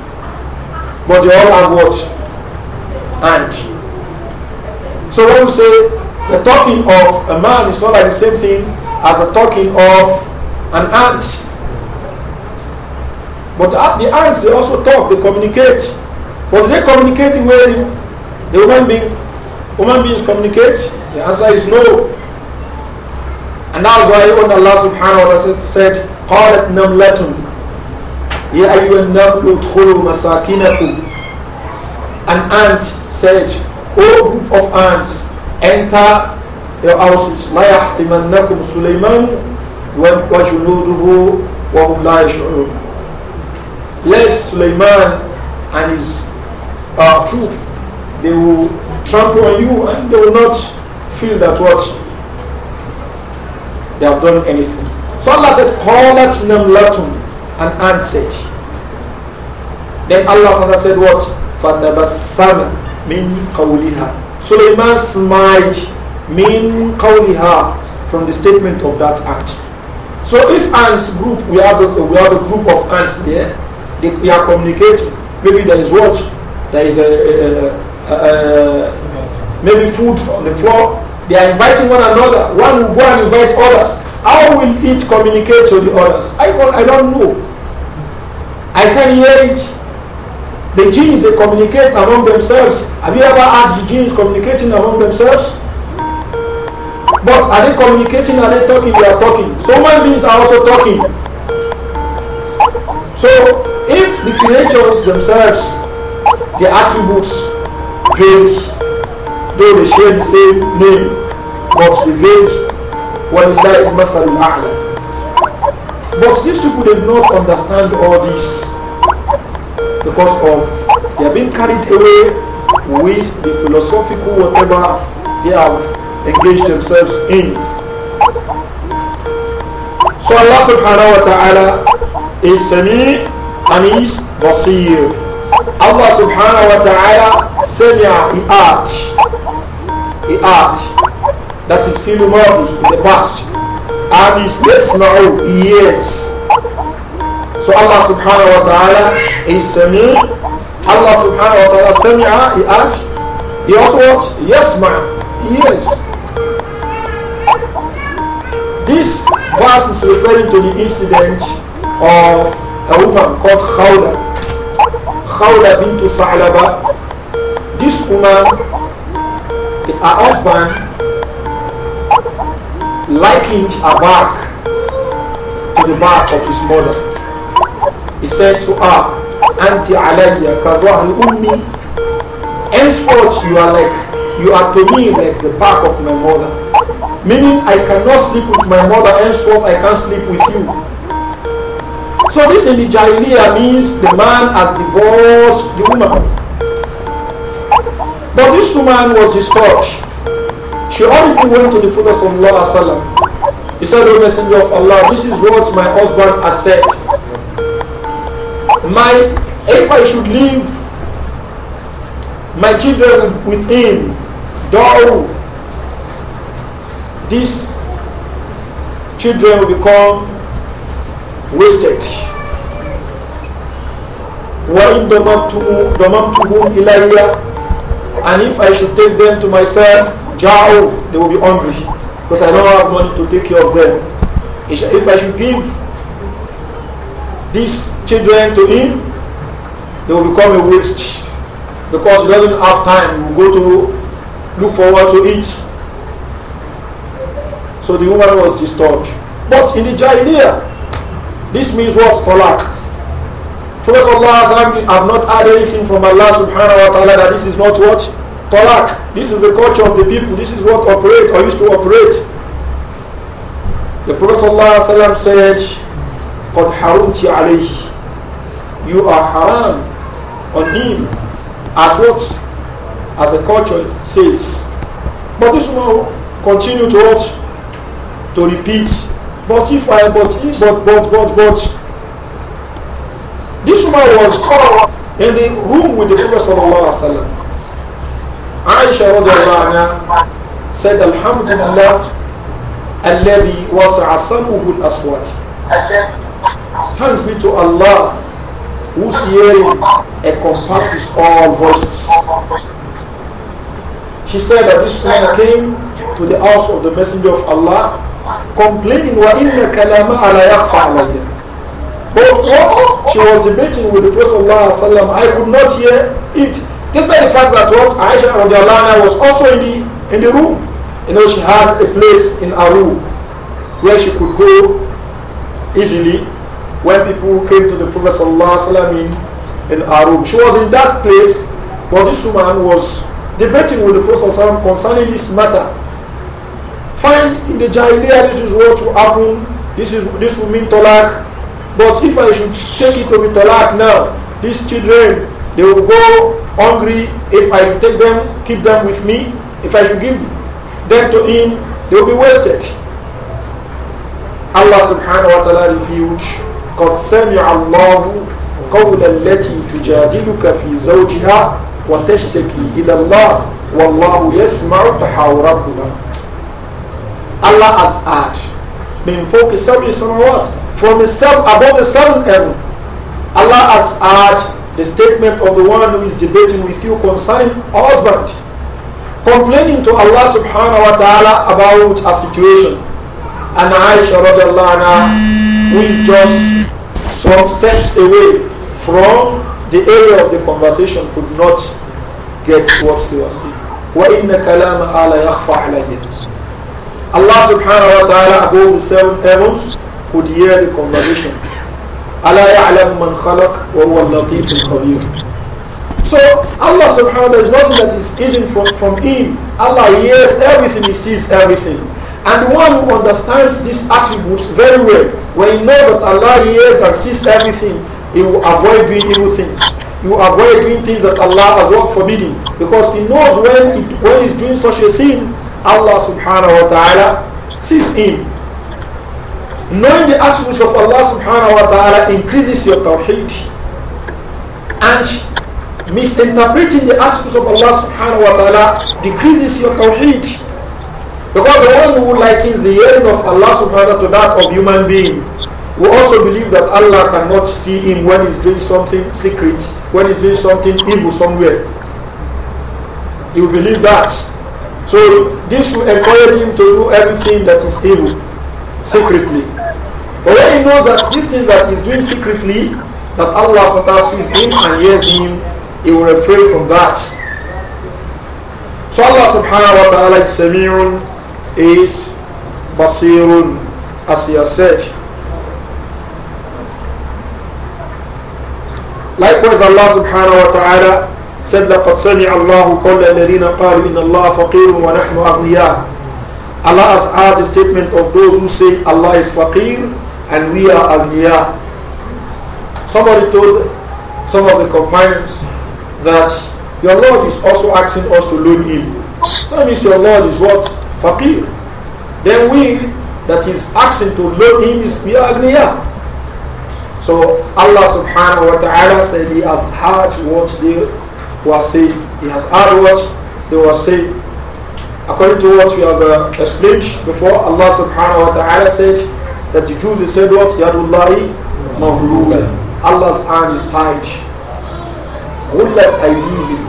But they all have what? Ant. So when we say the talking of a man is not like the same thing as the talking of an ant. But the ants, they also talk, they communicate. But they communicate in way the human being, human beings communicate. The answer is no. And that's why when Allah subhanahu wa ta'ala said, قالت نملة يا أيها النبل ادخلوا مساكنكم An ant said, O group of ants, enter your houses لا يحتمنكم سليمان وجنوده وهم لا يشعرون Yes, Suleiman and his uh, troop, they will trample on you and they will not feel that what they have done anything. So Allah said, "Call Qalat latum and answered. Then Allah said what? فَتَبَسَّمَ مِنْ قَوْلِهَا Suleiman might mean qawliha from the statement of that act. So if ants group, we have a, we have a group of ants there, they, they are communicating. Maybe there is what? There is a, a, a, maybe food on the floor. They are inviting one another. One will go and invite others. How will it communicate to the others? I, I don't know. I can hear it. The genes, they communicate among themselves. Have you ever had the genes communicating among themselves? But are they communicating? Are they talking? They are talking. So human beings are also talking. So if the creatures themselves, their attributes vary, though they share the same name, but they vary. وَلِلَّهِ الْمَثَلُ الْأَعْلَى But these people did not understand all this. because of they are being carried away with the philosophical whatever they have engaged themselves in. So Allah subhanahu wa ta'ala is Sami and is Basir. Allah subhanahu wa ta'ala Samia he art. He art. That is Filumadi in the past. And is Yasma'u, now. Yes. So Allah subhanahu wa ta'ala is Sami. Allah subhanahu wa ta'ala Sami'a, he had. He also what? ma'am. Yes. This verse is referring to the incident of a woman called Khawla. Khawla bint Tha'laba. This woman, her husband, likened her back to the back of his mother. He said to her, Auntie Alayya Kadwahli Ummi, henceforth you are like, you are to me like the back of my mother. Meaning I cannot sleep with my mother, henceforth I can't sleep with you. So this in the Jahiliyyah means the man has divorced the woman. But this woman was disturbed. She already went to the Prophet Sallallahu Alaihi Wasallam. He said, O Messenger of Allah, this is what my husband has said. my if I should leave my children with, him, though these children will become wasted. وَإِنْ ضَمَمْتُهُمْ إِلَيَّ And if I should take them to myself, Jao, They will be hungry because I don't have money to take care of them. If I should give these children to him, they will become a waste because he doesn't have time. to go to look forward to it. So the woman was disturbed. But in the Jahiliyyah, this means what? Talak. Prophet Sallallahu have not had anything from Allah subhanahu wa ta'ala that this is not what? Talak. This is the culture of the people. This is what operate or used to operate. The Prophet said, قَدْ حَرُمْتِ عَلَيْهِ you are haram on him as what as the culture says but this woman continue to what to repeat but if i but if but but but but this woman was in the room with the prophet sallallahu alaihi wasallam aisha radiallahu anha said alhamdulillah الذي وسع سمه الأصوات Thanks be to Allah whose hearing encompasses all voices. She said that this woman came to the house of the Messenger of Allah complaining, وَإِنَّ كَلَامَ عَلَى يَخْفَى عَلَيَّ but what she was debating with the Prophet I could not hear it. Despite the fact that what Aisha was also in the in the room. You know, she had a place in her room where she could go easily when people came to the Prophet ﷺ in, in She was in that place, but this woman was debating with the Prophet ﷺ concerning this matter. Fine, in the Jahiliyyah, this is what will happen, this, is, this will mean talak. But if I should take it to be talak now, these children, they will go hungry. If I should take them, keep them with me, if I should give them to him, they will be wasted. Allah subhanahu wa ta'ala revealed قد سمع الله قول التي تجادلك في زوجها وتشتكي إلى الله والله يسمع تحاوركما Allah has heard من فوق السبع سماوات from the seven above the seven heaven Allah has heard the statement of the one who is debating with you concerning husband complaining to Allah subhanahu wa ta'ala about a situation and Aisha radiallahu anha which just some steps away from the area of the conversation could not get what they were saying. وَإِنَّ كَلَامَ أَلَى يَخْفَى عَلَيْهِ Allah subhanahu wa ta'ala above the seven heavens could hear the conversation. أَلَا يَعْلَمُ مَنْ خَلَقَ وَهُوَ اللَّطِيفُ الْخَبِيرُ so Allah subhanahu wa ta'ala is nothing that is hidden from, from him. Allah hears everything, he sees everything. And the one who understands these attributes very well, when he knows that Allah hears and sees everything, he will avoid doing evil things. He will avoid doing things that Allah has not forbidden. Because he knows when, it, when he's doing such a thing, Allah subhanahu wa ta'ala sees him. Knowing the attributes of Allah subhanahu wa ta'ala increases your tawheed. And misinterpreting the attributes of Allah subhanahu wa ta'ala decreases your tawheed. Because the one who likens the hearing of Allah subhanahu wa Taala to that of human being will also believe that Allah cannot see him when he's doing something secret, when he's doing something evil somewhere. He will believe that. So this will encourage him to do everything that is evil secretly. But when he knows that these things that he's doing secretly, that Allah sees him and hears him, he will refrain from that. So Allah subhanahu wa ta'ala is Sami'un is basirun, as he has said. Likewise, Allah subhanahu wa ta'ala said, لَقَدْ سَمِعَ اللَّهُ قَوْلَ الَّذِينَ قَالُوا إِنَّ اللَّهَ فَقِيرٌ وَنَحْنُ أَغْنِيَاءُ Allah has heard the statement of those who say Allah is faqir and we are agniya. Somebody told some of the companions that your Lord is also asking us to loan him. That means your Lord is what? faqir. Then we that is asking to loan him is we are So Allah subhanahu wa ta'ala said he has heard what they were saying. He has heard what they were saying. According to what we have uh, explained before, Allah subhanahu wa ta'ala said that the Jews said what? Yadullahi maghlulah. Allah's hand is tied. Gullat him?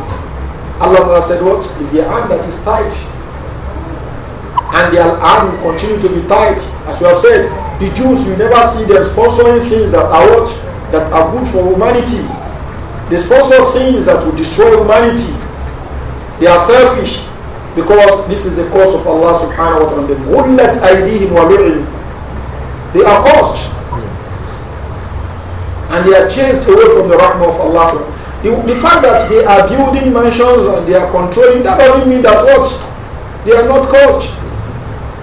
Allah said what? Is the hand that is tied and their arm will continue to be tight. As we have said, the Jews will never see them sponsoring things that are what that are good for humanity. They sponsor things that will destroy humanity. They are selfish because this is the cause of Allah subhanahu wa ta'ala. They are cursed. And they are changed away from the rahmah of Allah the, the fact that they are building mansions and they are controlling, that doesn't mean that what? They are not cursed.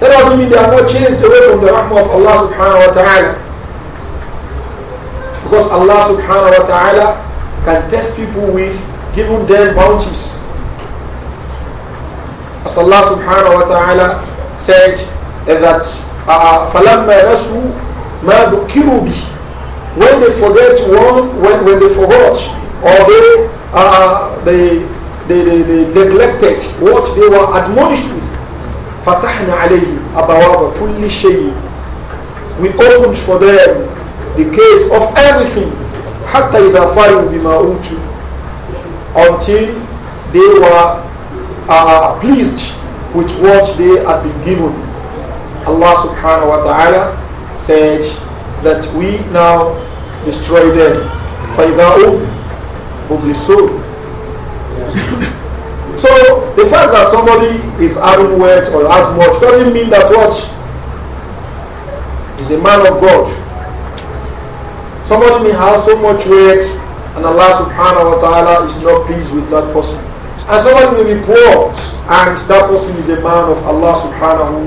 That doesn't mean they are not changed away from the rahmah of Allah subhanahu wa ta'ala. Because Allah subhanahu wa ta'ala can test people with giving them bounties. As Allah subhanahu wa ta'ala said that uh, uh فَلَمَّا نَسُوا مَا ذُكِّرُوا بِهِ When they forget one, when, when they forgot, or they, uh, uh they, they, they, they neglected what they were admonished with, فَتَحْنَا عَلَيْهِمْ أَبَوَابَ كُلِّ شَيْءٍ We opened for them the case of everything حَتَّى إِذَا فَرِهُ بِمَا أُوتُوا Until they were uh, pleased with what they have been given. Allah subhanahu wa ta'ala said that we now destroy them. فَإِذَا أُمْ مُبْلِسُونَ so the fact that somebody is having weight or has much doesn't mean that what is a man of God. Somebody may have so much weight, and Allah subhanahu wa ta'ala is not pleased with that person. And somebody may be poor and that person is a man of Allah subhanahu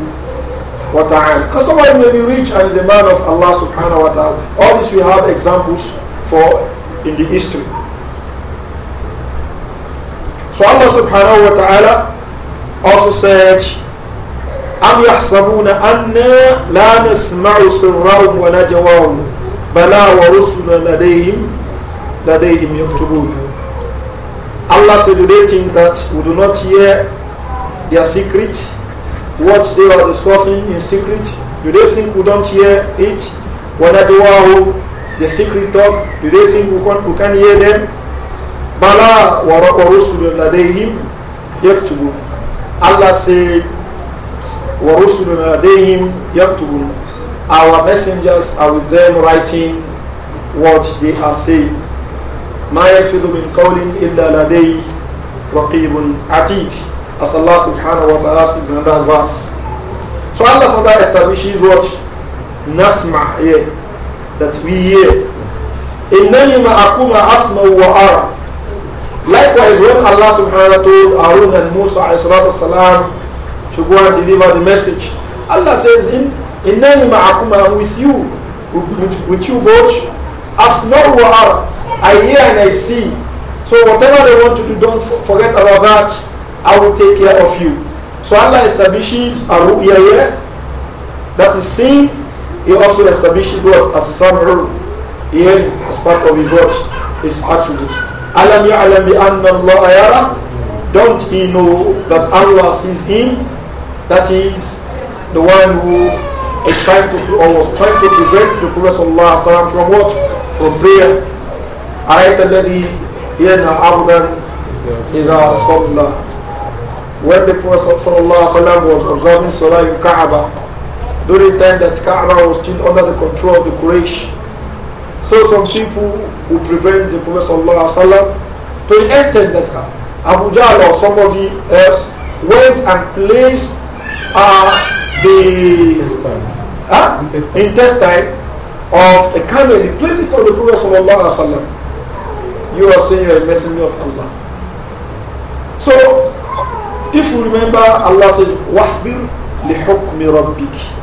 wa ta'ala. And somebody may be rich and is a man of Allah subhanahu wa ta'ala. All this we have examples for in the history. So Allah subhanahu wa ta'ala also said, أَمْ يَحْسَبُونَ أَنَّا لَا نَسْمَعُ سِرَّهُمْ وَنَجَوَاهُمْ بَلَا وَرُسُلَ لَدَيْهِمْ لَدَيْهِمْ يَكْتُبُونَ Allah said, do they think that we do not hear their secret, what they are discussing in secret? Do they think we don't hear it? وَنَجَوَاهُمْ The secret talk, do they think we we can hear them? Bala وَرُسُلُ لَدَيْهِمْ يَكْتُبُونَ Allah سي وَرُسُلُ لَدَيْهِمْ يَكْتُبُونَ Our messengers are with them writing what they are saying. مَا يَلْفِظُ مِنْ قَوْلٍ إِلَّا لَدَيْهِ رقيب عَتِيدٌ As Allah subhanahu wa ta'ala says in another verse. So Allah subhanahu wa ta'ala establishes what? نَسْمَع here. That we hear. إِنَّنِي مَا أكون أَسْمَعُ وَأَرَى Likewise, when Allah subhanahu wa ta'ala told Arun and Musa as-salaam to go and deliver the message, Allah says, In Innani ma'akuma, with you, with, with you both, asma'u wa ara, I hear and I see. So whatever they want to do, don't forget about that. I will take care of you. So Allah establishes a ru'ya here, that is seen. He also establishes what? As-sam'u, here, as part of his what? His attribute. Alam ya'lam bi anna Allah yara? Don't he know that Allah sees him? That is the one who is trying to or was trying to prevent the Prophet sallallahu alaihi wasallam from what? From prayer. أرأيت Abu ينهى is our صلى When the Prophet sallallahu alaihi wasallam was observing Salah in Kaaba, during the time that Kaaba was still under the control of the Quraysh, so some people who prevent the Prophet to extend extent that uh, Abu Jahl or somebody else went and placed uh, the intestine. Huh? Intestine. intestine of a camel. He placed it on the Prophet. You are saying you are a messenger of Allah. So if you remember Allah says, Wasbir li hukmi rabbiki.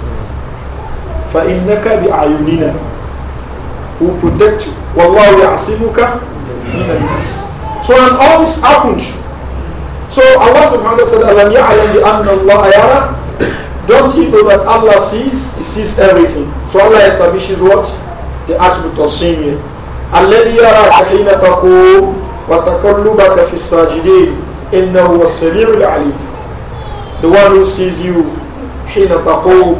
فإنك بأعيننا who protect you. Wallahu ya'simuka So when all this happened. So Allah subhanahu wa ta'ala said, Alam ya'alam Allah yara. Don't you know that Allah sees? He sees everything. So Allah establishes what? The attribute of seeing you. الذي يراك حين تقوم وتقلبك في الساجدين إنه هو السميع العليم The one who sees you حين تقوم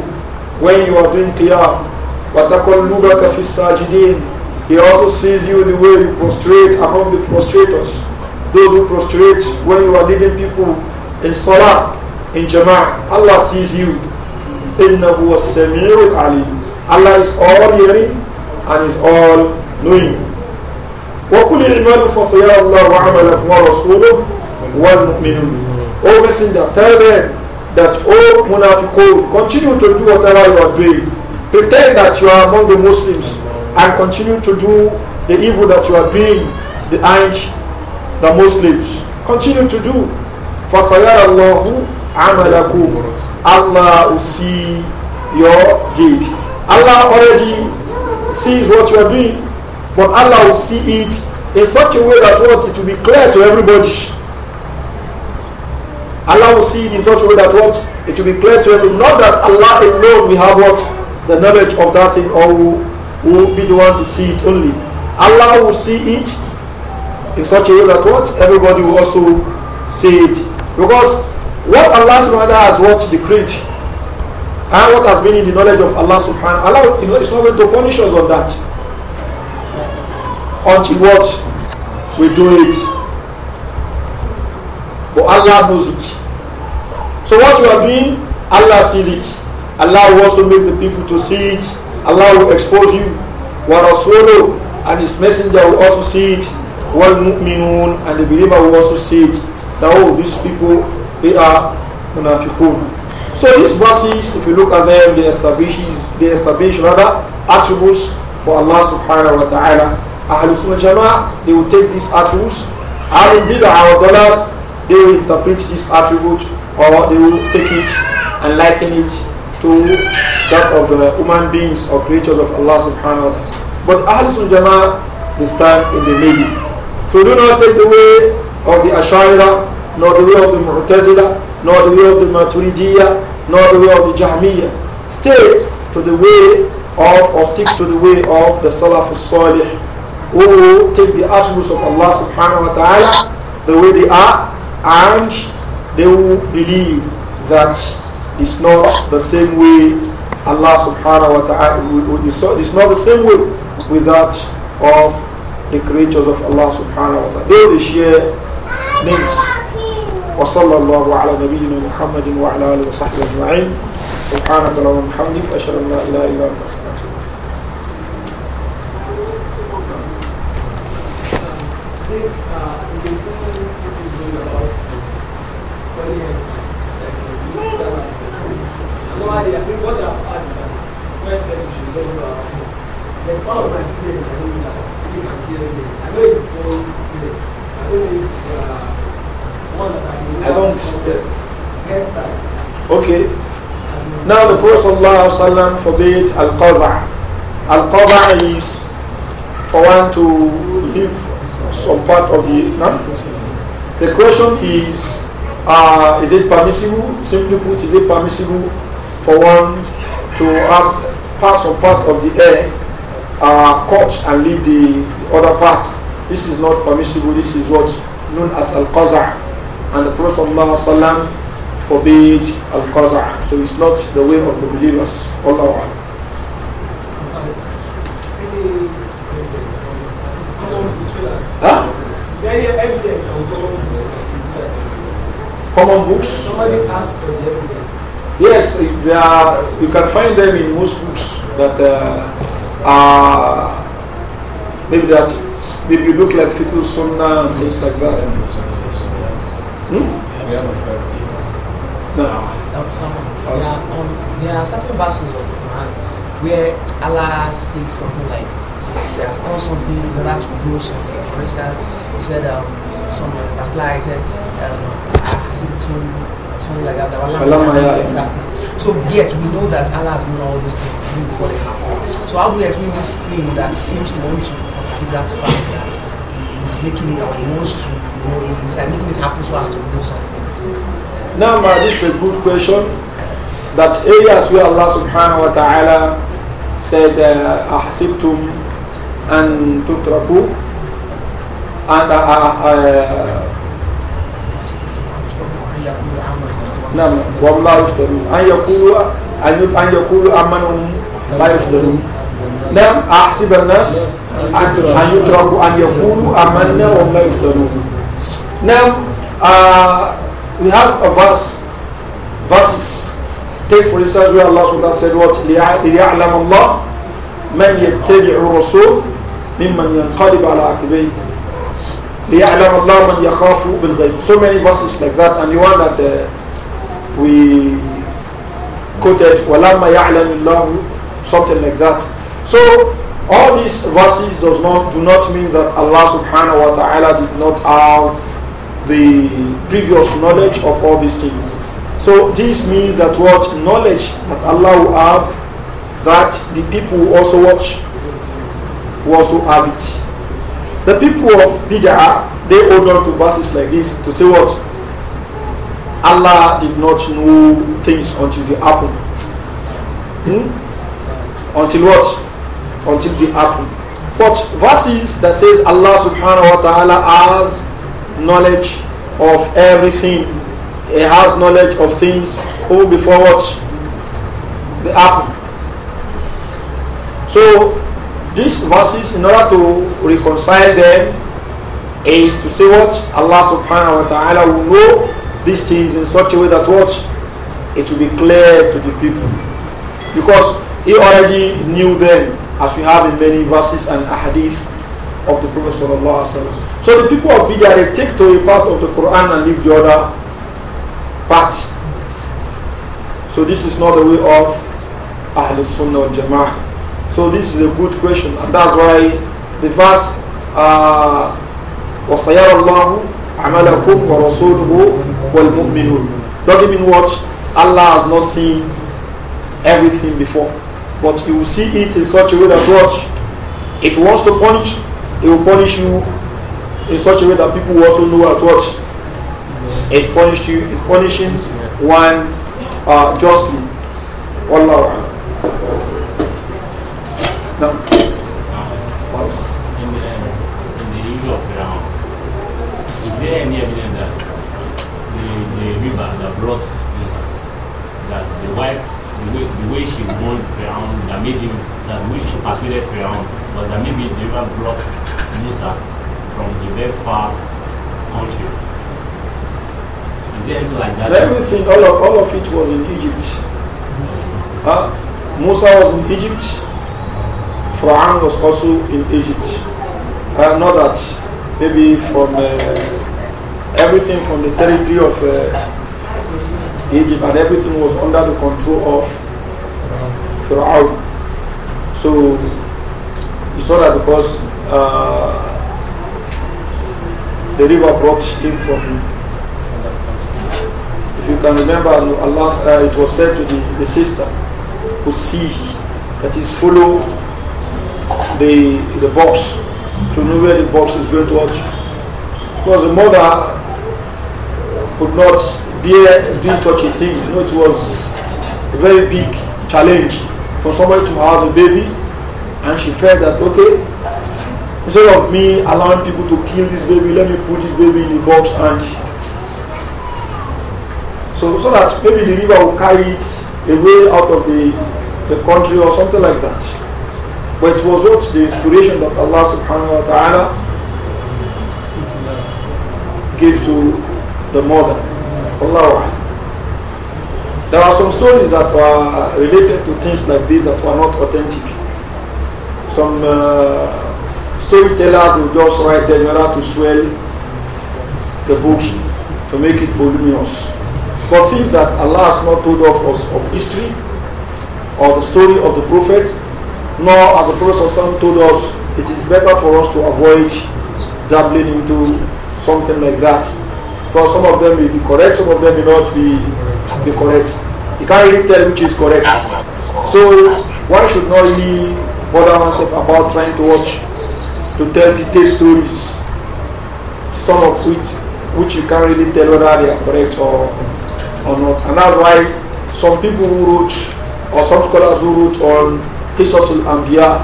when you are doing qiyam وَتَقَلُّبَكَ فِي السَّاجِدِينَ He also sees you the way you prostrate among the prostrators. Those who prostrate when you are leading people in salah, in jama'ah. Allah sees you. Allah is all hearing and is all knowing. وَقُلِ الْعِمَالُ فَصَيَرَ اللَّهُ عَمَلَكُمْ وَرَسُولُهُ وَالْمُؤْمِنُونَ O messenger, tell them that all munafiqun continue to do whatever you are doing pretend that you are among the Muslims and continue to do the evil that you are doing behind the Muslims. Continue to do. فَسَيَرَ اللَّهُ عَمَلَكُمْ Allah will see your deeds. Allah already sees what you are doing, but Allah will see it in such a way that what it will be clear to everybody. Allah will see it in such a way that what it will be clear to everyone. Not that Allah alone will have what the knowledge of that thing or will, will be the one to see it only. Allah will see it in such a way that what everybody will also see it. Because what Allah subhanahu wa ta'ala has what decreed and what has been in the knowledge of Allah subhanahu wa ta'ala is not going to punish us on that. Until what? We do it. But Allah knows it. So what you are doing, Allah sees it. Allah wants to make the people to see it. Allah will expose you. Wa Rasulu and his messenger will also see it. Wa mu'minun and the believer will also see it. That all these people, they are munafiqun. So these verses, if you look at them, they establish, they establish rather attributes for Allah subhanahu wa ta'ala. Ahlul Sunnah Jama'ah, they will take these attributes. Ahlul Bid'ah or Dalal, they will interpret this attribute or they will take it and liken it to that of the uh, human beings or creatures of Allah subhanahu wa ta'ala. But Ahl Sun this time in the middle. So do not take the way of the Ashaira, nor the way of the Mu'tazila, nor the way of the Maturidiyah, nor the way of the Jahmiyyah. Stay to the way of, or stick to the way of the Salafus Salih, who take the attributes of Allah subhanahu wa ta'ala the way they are, and they will believe that it's not the same way Allah subhanahu wa ta'ala, it's not the same way with that of the creatures of Allah subhanahu wa ta'ala. They, share names. وصلى الله على نبينا محمد وعلى اله وصحبه اجمعين سبحانك اللهم وبحمدك اشهد ان لا اله الا انت استغفرك I think what I've had is that when I said you should go uh, all of my students, I know that they can see evidence. I know it's going good. I don't know if uh, one that I know I don't hairstyle. Okay. Now the Prophet ﷺ forbade al-qaza. Al-qaza is for one to leave some part of the... No? The question is, uh, is it permissible? Simply put, is it permissible for one to have parts or part of the air, uh, cut and leave the, the other part. This is not permissible. This is what known as al-qaza'. And the Prophet ﷺ forbade al-qaza'. So it's not the way of the believers. Allah Huh? Common books? Somebody asked for the evidence. Yes, there are, you can find them in most books that uh, are maybe that maybe look like fecal sunnah and things like that. Hmm? Yeah. No. Um, some, there, are, um, there are certain verses of the Quran where Allah says something like he has done something in order to know something. For instance, he said um, some reply, he said um, something like that. that Allah exactly. So yes, we know that Allah has known all these things before they happen. So how do we explain this thing that seems to want to contradict that fact that he's making it or he wants to know he's like making it happen so as to know something? Now this is a good question. That areas where Allah subhanahu wa ta'ala said uh, ahsibtum uh, and tutraku and uh, uh, uh نعم والله يفترون أن يقولوا أن أن يقولوا أمنهم لا يفترون نعم أحسب الناس أن يتركوا أن يقولوا آمنا وهم لا يفترون نعم uh, we have a verse verses take for instance where Allah subhanahu wa said what ليعلم الله من يتبع الرسول ممن ينقلب على عقبيه ليعلم الله من يخاف بالغيب so many verses like that and you want that uh, we quoted وَلَمَّا يَعْلَمِ اللَّهُ something like that. So all these verses does not do not mean that Allah subhanahu wa ta'ala did not have the previous knowledge of all these things. So this means that what knowledge that Allah will have that the people also watch will also have it. The people of Bid'ah they hold on to verses like this to say what Allah did not know things until they happen. Hmm? Until what? Until they happen. But verses that says Allah subhanahu wa ta'ala has knowledge of everything. He has knowledge of things all before what? They happen. So these verses in order to reconcile them is to say what Allah subhanahu wa ta'ala will know these things in such a way that what it will be clear to the people because he already knew them as we have in many verses and hadith of the Prophet so the people of Bidya they take to a part of the Quran and leave the other part so this is not the way of Ahlul Sunnah wal Jama'ah so this is a good question and that's why the verse uh, وَصَيَرَ عملكم ورسوله والمؤمنون doesn't mean what Allah has not seen everything before but he will see it in such a way that what if he wants to punish he will punish you in such a way that people also know at what is punished you is punishing one uh, justly Allah now there any evidence that the, the river that brought this, that the wife, the way, the way she won Pharaoh, that made him, that which she persuaded Pharaoh, but that maybe the river brought Musa from a very far country? Is there anything like that? Everything, all of, all of it was in Egypt. Mm-hmm. Huh? Musa was in Egypt. Pharaoh was also in Egypt. Uh, not that maybe from uh, everything from the territory of uh, Egypt and everything was under the control of Pharaoh. So you saw that because uh, the river brought him from if you can remember Allah uh, it was said to the, the sister who see that is follow the the box to know where the box is going to because the mother could not bear doing such a thing. You know, it was a very big challenge for somebody to have a baby, and she felt that okay, instead of me allowing people to kill this baby, let me put this baby in the box and so so that maybe the river will carry it away out of the the country or something like that. But it was not the inspiration that Allah subhanahu wa ta'ala gave to the mother. Allah. There are some stories that are related to things like this that were not authentic. Some uh, storytellers will just write them in order to swell the books to make it voluminous. But things that Allah has not told of us of history or the story of the Prophet, nor as the Prophet told us, it is better for us to avoid dabbling into something like that. Because some of them may be correct, some of them may not be, the correct. You can't really tell which is correct. So one should not really bother oneself about trying to watch, to tell detailed stories, some of which which you can't really tell whether they are correct or, or not. And that's why some people who wrote, or some scholars who wrote on Hisasul Ambiya,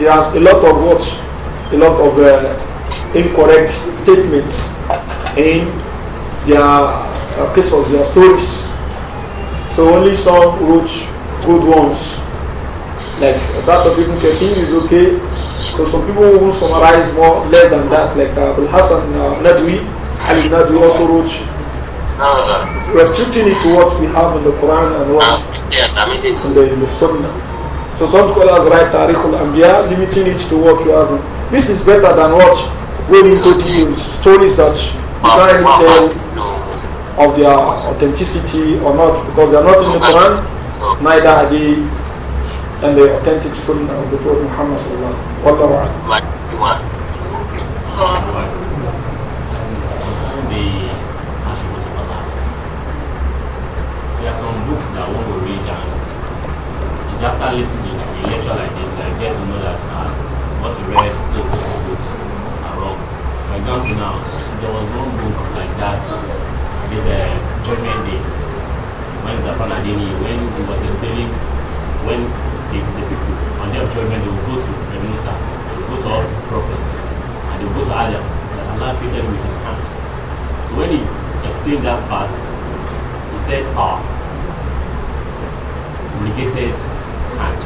there are a lot of what, a lot of uh, incorrect statements in their uh, cases, their stories. So only some wrote good ones. Like that of Ibn Kathir is okay. So some people will summarize more less than that. Like uh, Abul Hassan uh, Nadwi, Ali Nadwi also wrote restricting it to what we have in the Quran and what in the, in the Sunnah. So some scholars write Tariq al-Anbiya, limiting it to what we have. This is better than what going into details, stories that tell of their authenticity or not because they are not in the Quran, neither are they in the authentic Sunnah of the Prophet Muhammad. What about? there are some books that want to read and it's after listening to a lecture like this that I get to know that uh, what you read, so books are wrong. For example now, there was one book like that. It's a Judgment Day. When Zafran Adini, when he was explaining when the, the people on their judgment they will go to the Musa, they will go to all the prophets, and they will go to Adam that Allah created with his hands. So when he explained that part, he said, ah, negated hand.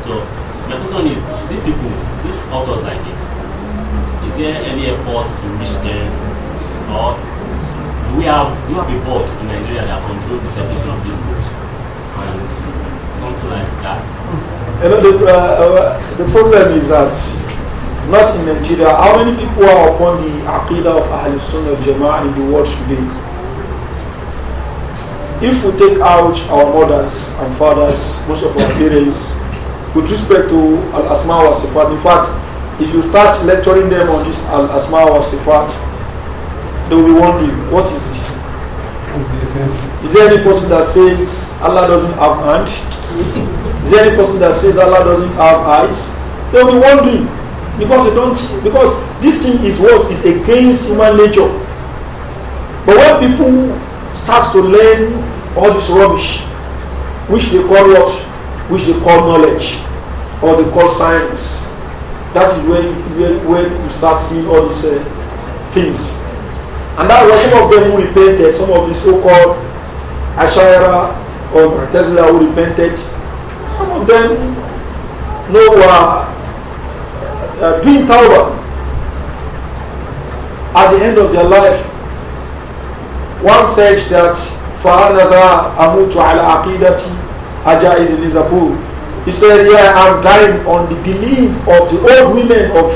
So my question is, these people, these authors like this, is there any effort to reach them? Or do we have do we have a board in Nigeria that controls the circulation of these books? And something like that. You know, the, uh, uh, the problem is that not in Nigeria, how many people are upon the Aqidah of Ahl Sunnah Jama'ah in the world today? if we take out our mothers and fathers, most of our parents, with respect to Al Asma wa Sifat, in fact, if you start lecturing them on this Al Asma or Sifat, they will be wondering, what is this? Is there any person that says Allah doesn't have hand? Is there any person that says Allah doesn't have eyes? They'll be wondering because they don't because this thing is worse is against human nature. But when people start to learn all this rubbish, which they call what, which they call knowledge, or they call science, That is where you, where, you start seeing all these uh, things. And that was some of them who repented, some of the so-called Ashaira or Tesla who repented. Some of them no were uh, uh, doing tawbah at the end of their life. One said that فَأَنَذَا أَمُوتُ عَلَى عَقِيدَتِي أَجَائِزِ لِزَبُورِ He said, Yeah, I'm dying on the belief of the old women of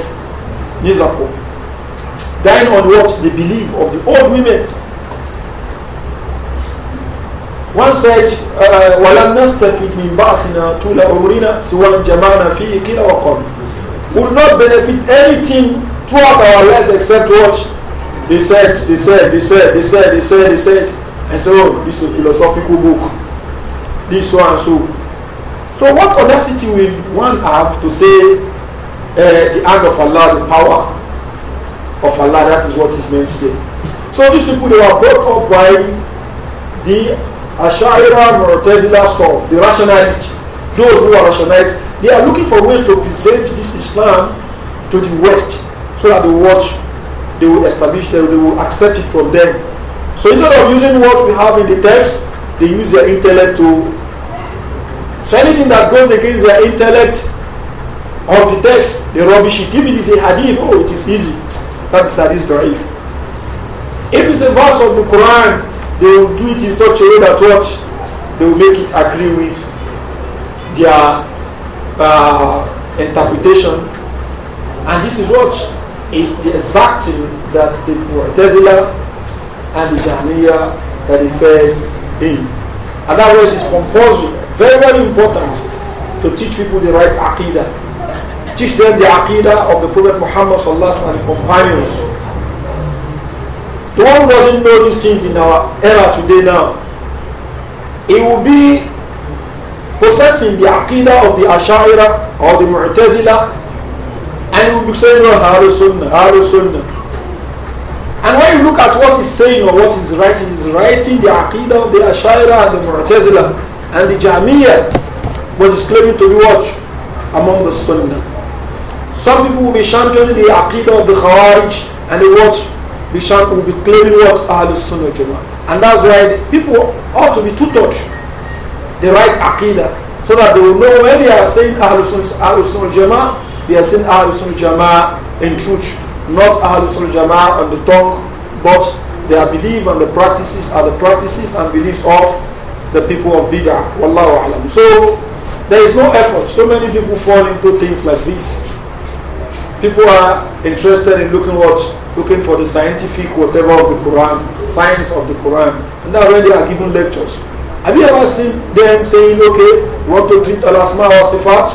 Nizapur. Dying on what? The belief of the old women. One said, وَلَمْ نَسْتَفِدْ مِنْ بَعْثِنَا طُولَ عُمْرِنَا سِوَا جَمَعْنَا فِيهِ كِلَا وَقَمْ Will not benefit anything throughout our life except what? They said, they said, they said, they said, they said, they said. And so, oh, this is a philosophical book. This so and so. So what audacity will one have to say uh, the hand of Allah, the power of Allah, that is what is meant today. So these people, they were brought up by the Ashaira, Mu'tazila stuff, the rationalists, those who are rationalists. They are looking for ways to present this Islam to the West so that the world, they will establish, they will accept it from them. So instead of using what we have in the text, they use their intellect to So anything that goes against their intellect of the text, they rubbish it. If it is a hadith, oh, it is easy. That is hadith da'if. If it's a verse of the Quran, they will do it in such a way that what? They will make it agree with their uh, interpretation. And this is what is the exact thing that the Mu'tazila and the Jahmiyyah that they fell in. And that word it is composed. Very, very important to teach people the right aqidah. Teach them the aqidah of the Prophet Muhammad and the companions. The one who doesn't know these things in our era today now, it will be possessing the aqidah of the Ash'ira or the Mu'tazila and will be saying, oh, Haru Sunnah, Haru Sunnah. And when you look at what he's saying or what he's writing, he's writing the aqidah of the Ash'ira and the Mu'tazila. And the Jamia was claiming to be what? Among the Sunnah. Some people will be chanting the Aqidah of the Khawarij and they what? Be will be claiming what? Ahlul Sunnah Jama'ah. And that's why people ought to be tutored the right Aqidah so that they will know when they are saying Ahlul Sunnah Jama'ah, they are saying Ahlul Sunnah Jama'ah in truth, not Ahlul Sunnah Jama'ah on the tongue, but their belief and the practices are the practices and beliefs of the people of Bid'ah. Wallahu alam. So there is no effort. So many people fall into things like this. People are interested in looking what looking for the scientific whatever of the Quran, science of the Quran. And now when they are given lectures. Have you ever seen them saying, okay, want to treat al-asma wa sifat,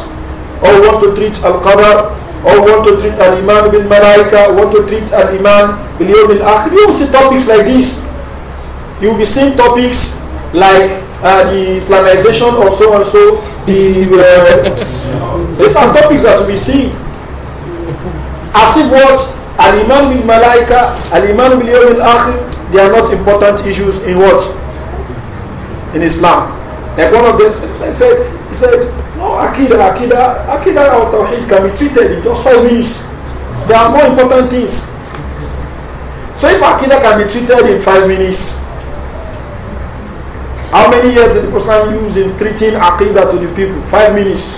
or want to treat al-qadar, or want to treat al-iman bil malaika, want to treat al-iman bil yawm al-akhir. You will see topics like this. You will be seeing topics like uh, the Islamization of so and so, the uh, these are topics that we see. As if what Al Iman bil Malaika, Al Iman bil Yawm al Akhir, they are not important issues in what in Islam. Like one of them said, he said, no, Akida, Akida, Akida or Tawheed can be treated in just five minutes. There are more important things. So if Akida can be treated in five minutes, how many years did the person use in treating Aqidah to the people? Five minutes.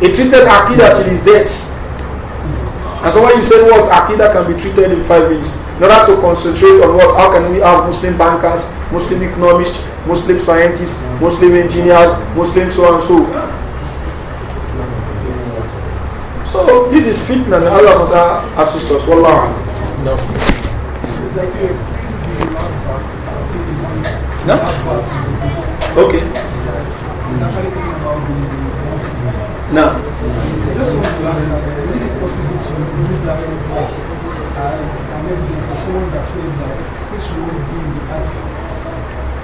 He treated Aqidah till his death. And so when you say what Aqidah can be treated in five minutes, in order to concentrate on what, how can we have Muslim bankers, Muslim economists, Muslim scientists, Muslim engineers, Muslim so and so. So this is fitna and Allah assist us. Wallah. It's No? Okay. Now, I just want to ask that would it be possible to use that verse as an evidence for someone that said that faith should not be in the heart?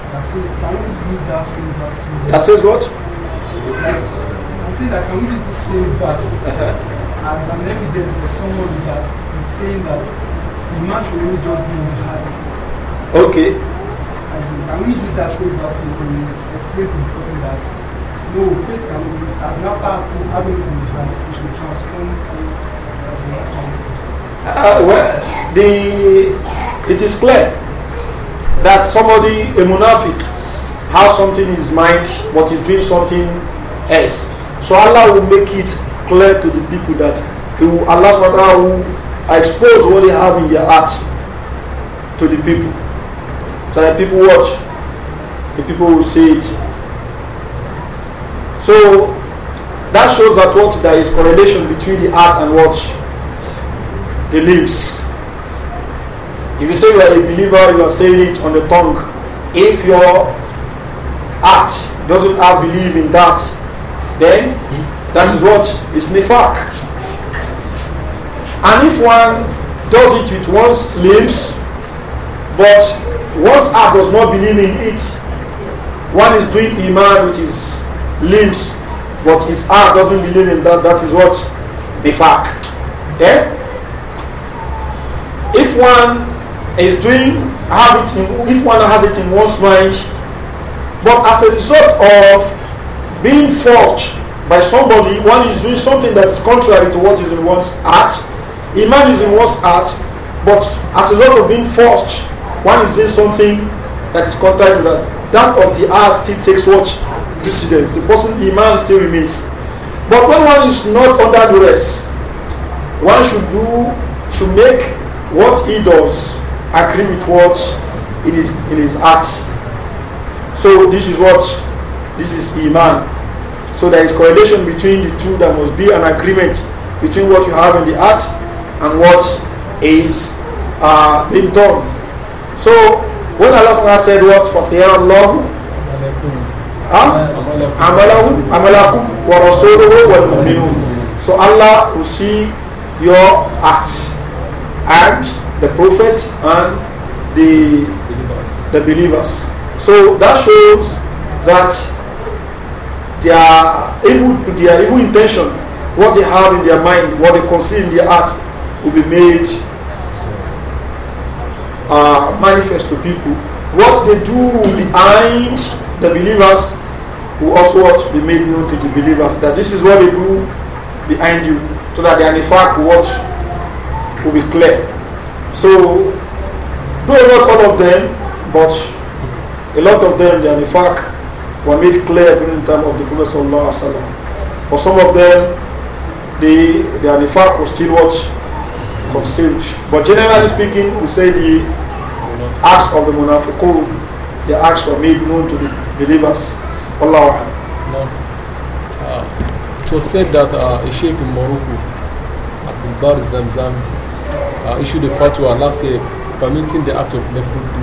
Can can we use that same verse to? That says what? I'm saying that can we use the same verse uh-huh. as an evidence for someone that is saying that the man should only just be in the heart? Okay. As in, can we use that same verse to explain to the person that no, faith cannot be, as an after having it in the heart, we should transform uh, well, the it is clear that somebody a munafiq has something in his mind, but is doing something else. So Allah will make it clear to the people that he will, Allah will expose what they have in their hearts to the people. So that people watch. The people will see it. So that shows that what there is correlation between the heart and what the lips. If you say you are a believer, you are saying it on the tongue. If your heart doesn't have belief in that, then that is what is nifak. And if one does it with one's lips, but one's heart does not believe in it. One is doing iman with his limbs, but his heart doesn't believe in that. That is what nifaq. Yeah? If one is doing have it in, if one has it in one's mind, but as a result of being forged by somebody, one is doing something that is contrary to what is in one's heart. Iman is in one's heart, but as a result of being forged one is doing something that is contrary to that. That of the heart still takes what? Dissidence. The person, Iman still remains. But when one is not under duress, one should do, should make what he does agree with what in his, in his heart. So this is what, this is Iman. So there is correlation between the two. There must be an agreement between what you have in the heart and what is uh, being done so when Allah said what for Sayyid Allah Amalakum wa Rasuluhu wal Mu'minun. So Allah will see your acts and the Prophet and the believers. the believers. So that shows that their evil, their evil intention, what they have in their mind, what they conceive in their heart, will be made uh, manifest to people, what they do behind the believers will also what be made known to the believers that this is what they do behind you, so that the fact what will be clear. So, though not all of them, but a lot of them, the fact were made clear during the time of the Prophet sallallahu alaihi wasallam. For some of them, they the fact was still what but generally speaking, we say the acts of the munafiqun, the acts were made known to the believers. Allah. No. Uh, ah, it was said that uh, a sheikh in Morocco, Abdul Bar Zamzam, uh, issued a fatwa last year permitting the act of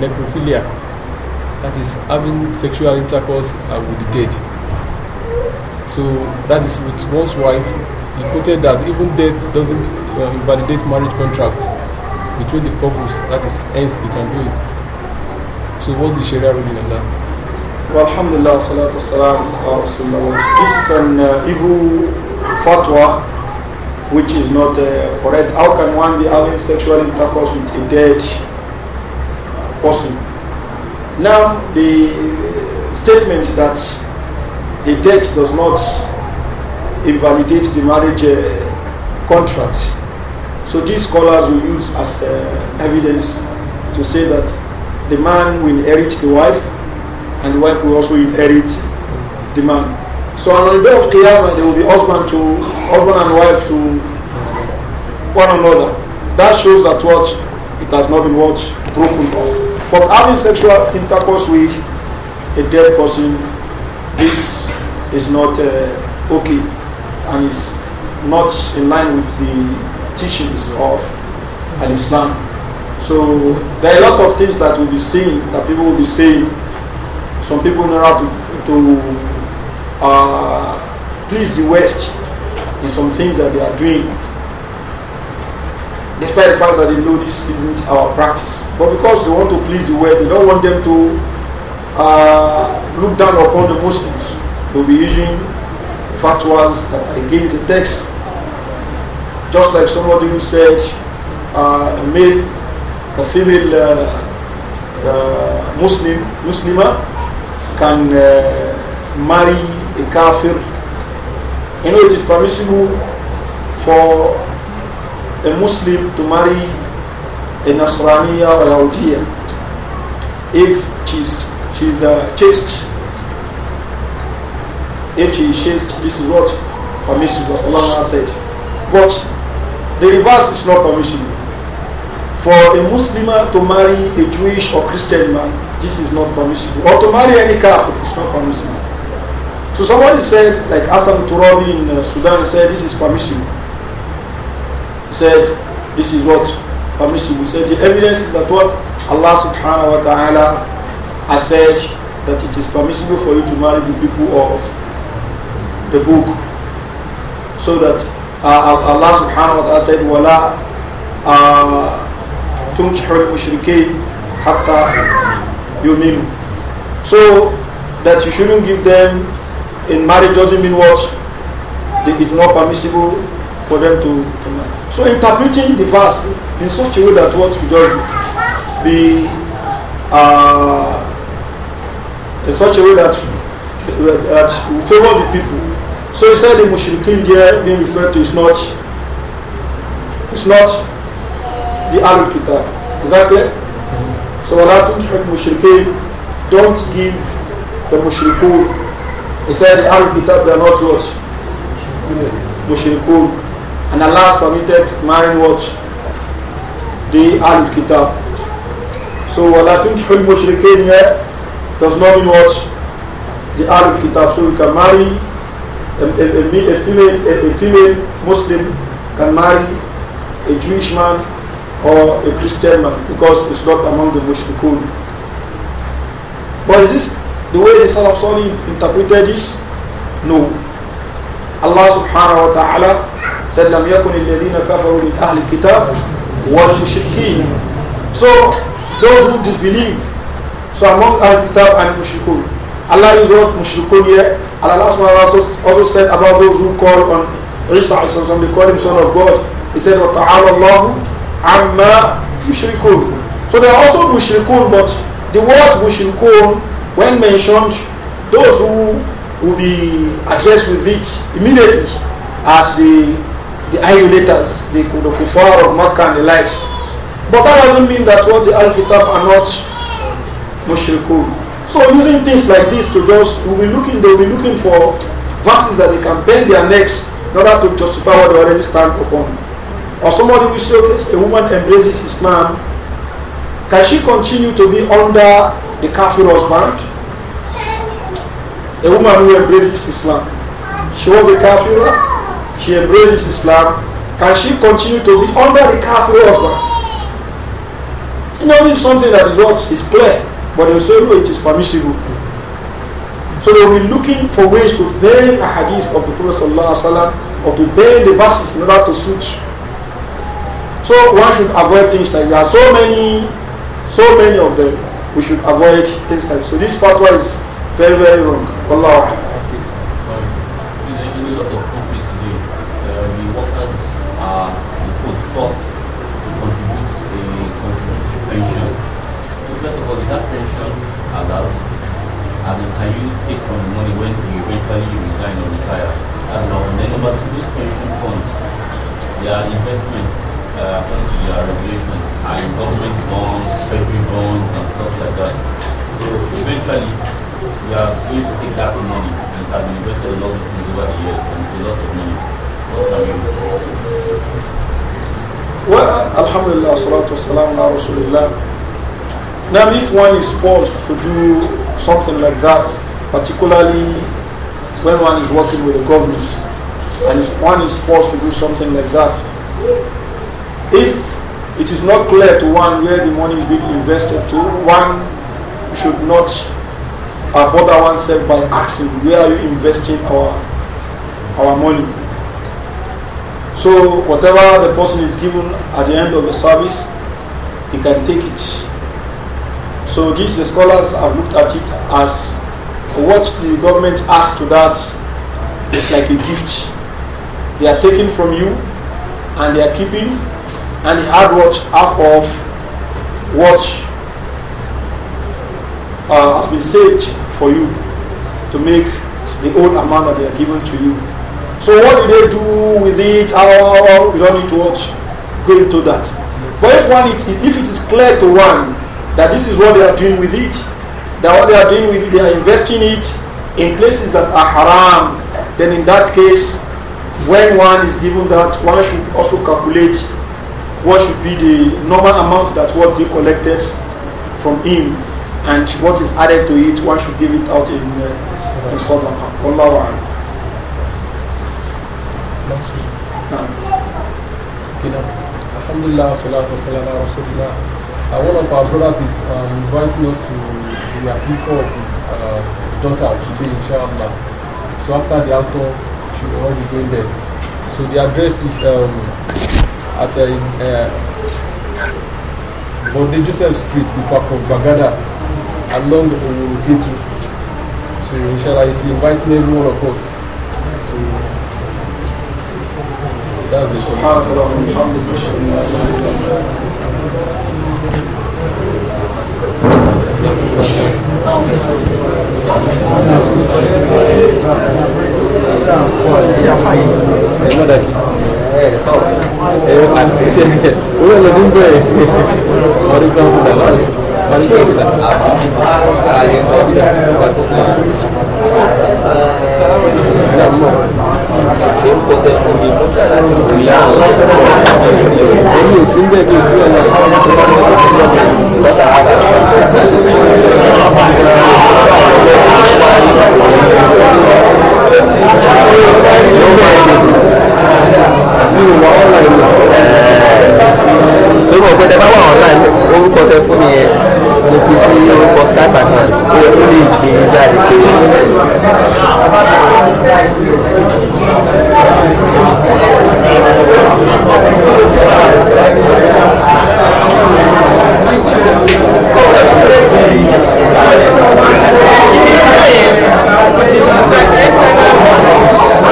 necrophilia, that is, having sexual intercourse uh, with the dead. So that is with one's wife he quoted that even death doesn't uh, invalidate marriage contract between the couples. That is, hence they can do it. So what's the Sharia ruling on that? Well, alhamdulillah, salatu salam, This is an uh, evil fatwa which is not uh, correct. How can one be having sexual intercourse with a dead person? Now, the statement that the death does not invalidates the marriage uh, contract. So these scholars will use as uh, evidence to say that the man will inherit the wife and the wife will also inherit the man. So on the day of Qiyamah, there will be husband to husband and wife to one another. That shows that what it has not been what broken off. But having sexual intercourse with a dead person, this is not uh, okay and is not in line with the teachings of Al Islam. So there are a lot of things that will be seen that people will be saying. Some people know how to, to uh, please the West in some things that they are doing. Despite the fact that they know this isn't our practice. But because they want to please the West, they don't want them to uh, look down upon the Muslims. They'll be using fatwas that are against the text. Just like somebody who said, uh, a male, a female uh, uh, Muslim, Muslima can uh, marry a kafir. You know, it is permissible for a Muslim to marry a Nasraniya or Yahudiya if she's, she's uh, chaste if she shakes, this is what permissible, as Allah said. But the reverse is not permissible. For a Muslim to marry a Jewish or Christian man, this is not permissible. Or to marry any kafir, it's not permissible. So somebody said, like Hassan Turabi in uh, Sudan said, this is permissible. He said, this is what? Permissible. He said, the evidence is that what? Allah subhanahu wa ta'ala has said that it is permissible for you to marry the people of the book. So that uh, uh, Allah subhanahu wa ta'ala said, وَلَا تُنْكِحُ الْمُشْرِكِينَ hatta yumin." So that you shouldn't give them in marriage doesn't mean what? It's not permissible for them to, to marry. So interpreting the verse in such a way that what you just be uh, in such a way that that will favor the people so he said the mushrikeen there being referred to is not it's not the Ahlul Kitab. Is that clear? So Allah tunjihul mushrikeen don't give the mushrikul. he said the Ahlul Kitab they are not what? Mushrikun. And Allah has permitted marrying what? The Ahlul Kitab. So Allah tunjihul mushrikeen here does not mean what? The Ahlul Kitab. So we can marry a, a, a female, a, a female Muslim can marry a Jewish man or a Christian man because it's not among the mushrikun. But is this the way the Salaf Sunni interpreted this? No. Allah subhanahu wa ta'ala said, لَمْ يَكُنِ الَّذِينَ كَفَرُوا مِنْ أَهْلِ الْكِتَابِ وَالْمُشْرِكِينَ So, those who disbelieve, so among Ahl-Kitab and Mushrikun, Allah is not Mushrikun here And Allah subhanahu also said about those who call on Isa, they call him son of God. He said, Allah amma yushrikun. So they are also mushrikun, but the word mushrikun, when mentioned, those who will be addressed with it immediately as the the idolaters, the, the kuffar of Makkah and the likes. But that doesn't mean that what the Al-Kitab are not mushrikun. So using things like this to just, we'll be looking, they'll be looking for verses that they can bend their necks in order to justify what they already stand upon. Or somebody will say, okay, a woman embraces Islam, can she continue to be under the kafir husband? A woman who embraces Islam, she was a kafir, she embraces Islam, can she continue to be under the kafir husband? You know, this is something that is what is clear. But they'll say, no, it is permissible. So they'll be looking for ways to bend a hadith of the Prophet or to bend the verses in order to suit. So one should avoid things like that. So many, so many of them. We should avoid things like that. So this fatwa is very, very wrong. Allah. their investments uh, according to their regulations and government bonds, federal bonds and stuff like that. So eventually we are going to take that money and have invested a lot of things over the years and it's a lot of money. What can we do? Well, Alhamdulillah, salatu wasalam, ala Now, if one is forced to do something like that, particularly when one is working with the government, and if one is forced to do something like that, if it is not clear to one where the money is being invested to, one should not uh, bother oneself by asking where are you investing our our money. So whatever the person is given at the end of the service, he can take it. So these the scholars have looked at it as what the government asks to that is like a gift. They are taking from you and they are keeping and the hard watch half of what uh, has been saved for you to make the old amount that they are given to you. So what do they do with it? How we don't need to watch go into that. But if one it, if it is clear to one that this is what they are doing with it, that what they are doing with it, they are investing it in places that are haram, then in that case when one is given that, one should also calculate what should be the normal amount that what they collected from him and what is added to it, one should give it out in, uh, in Sadaqa. Wallahu a'lam. Alhamdulillah, salatu wasalama, rasulullah. Uh, one of our brothers is um, inviting us to the appeal of his uh, daughter in inshallah. So after the altar, you will be going there. So the address is um, at a, uh, uh on the Joseph Street, Ifakon, Bagada, along Urukitu. So inshallah, he's inviting every one of us. So, so that's it. Thank you ẹ mọ dàbí ẹ sọ̀rọ̀ ẹ àti ṣe owó ẹ lọ ti ń bẹ ọdún sọsọ dà lọrẹ ọdún sọsọ dà. Èmi ò sí bẹ́ẹ̀ bí o sí ọ̀la. Thank you lọ́wọ́ ẹ̀sìn sí mi ò wá online lọ. torí mo gbé tẹ bá wà online orúkọ tẹ fún mi yẹn mo fi sí orúkọ skype account ó lè gbé e jáde pé. Thank you.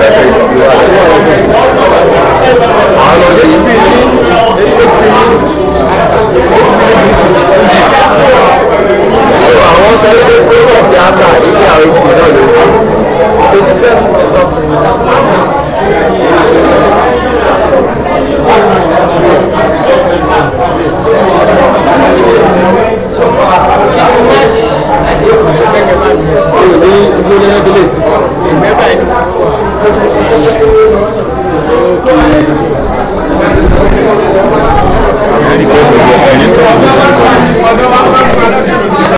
àwọn hp ní hp ní àwọn sẹ́lẹ̀ product yasa ìpè àwọn hp náà ló jẹ́ so different so far. Ìgbésẹ̀ ìdúró. Olha o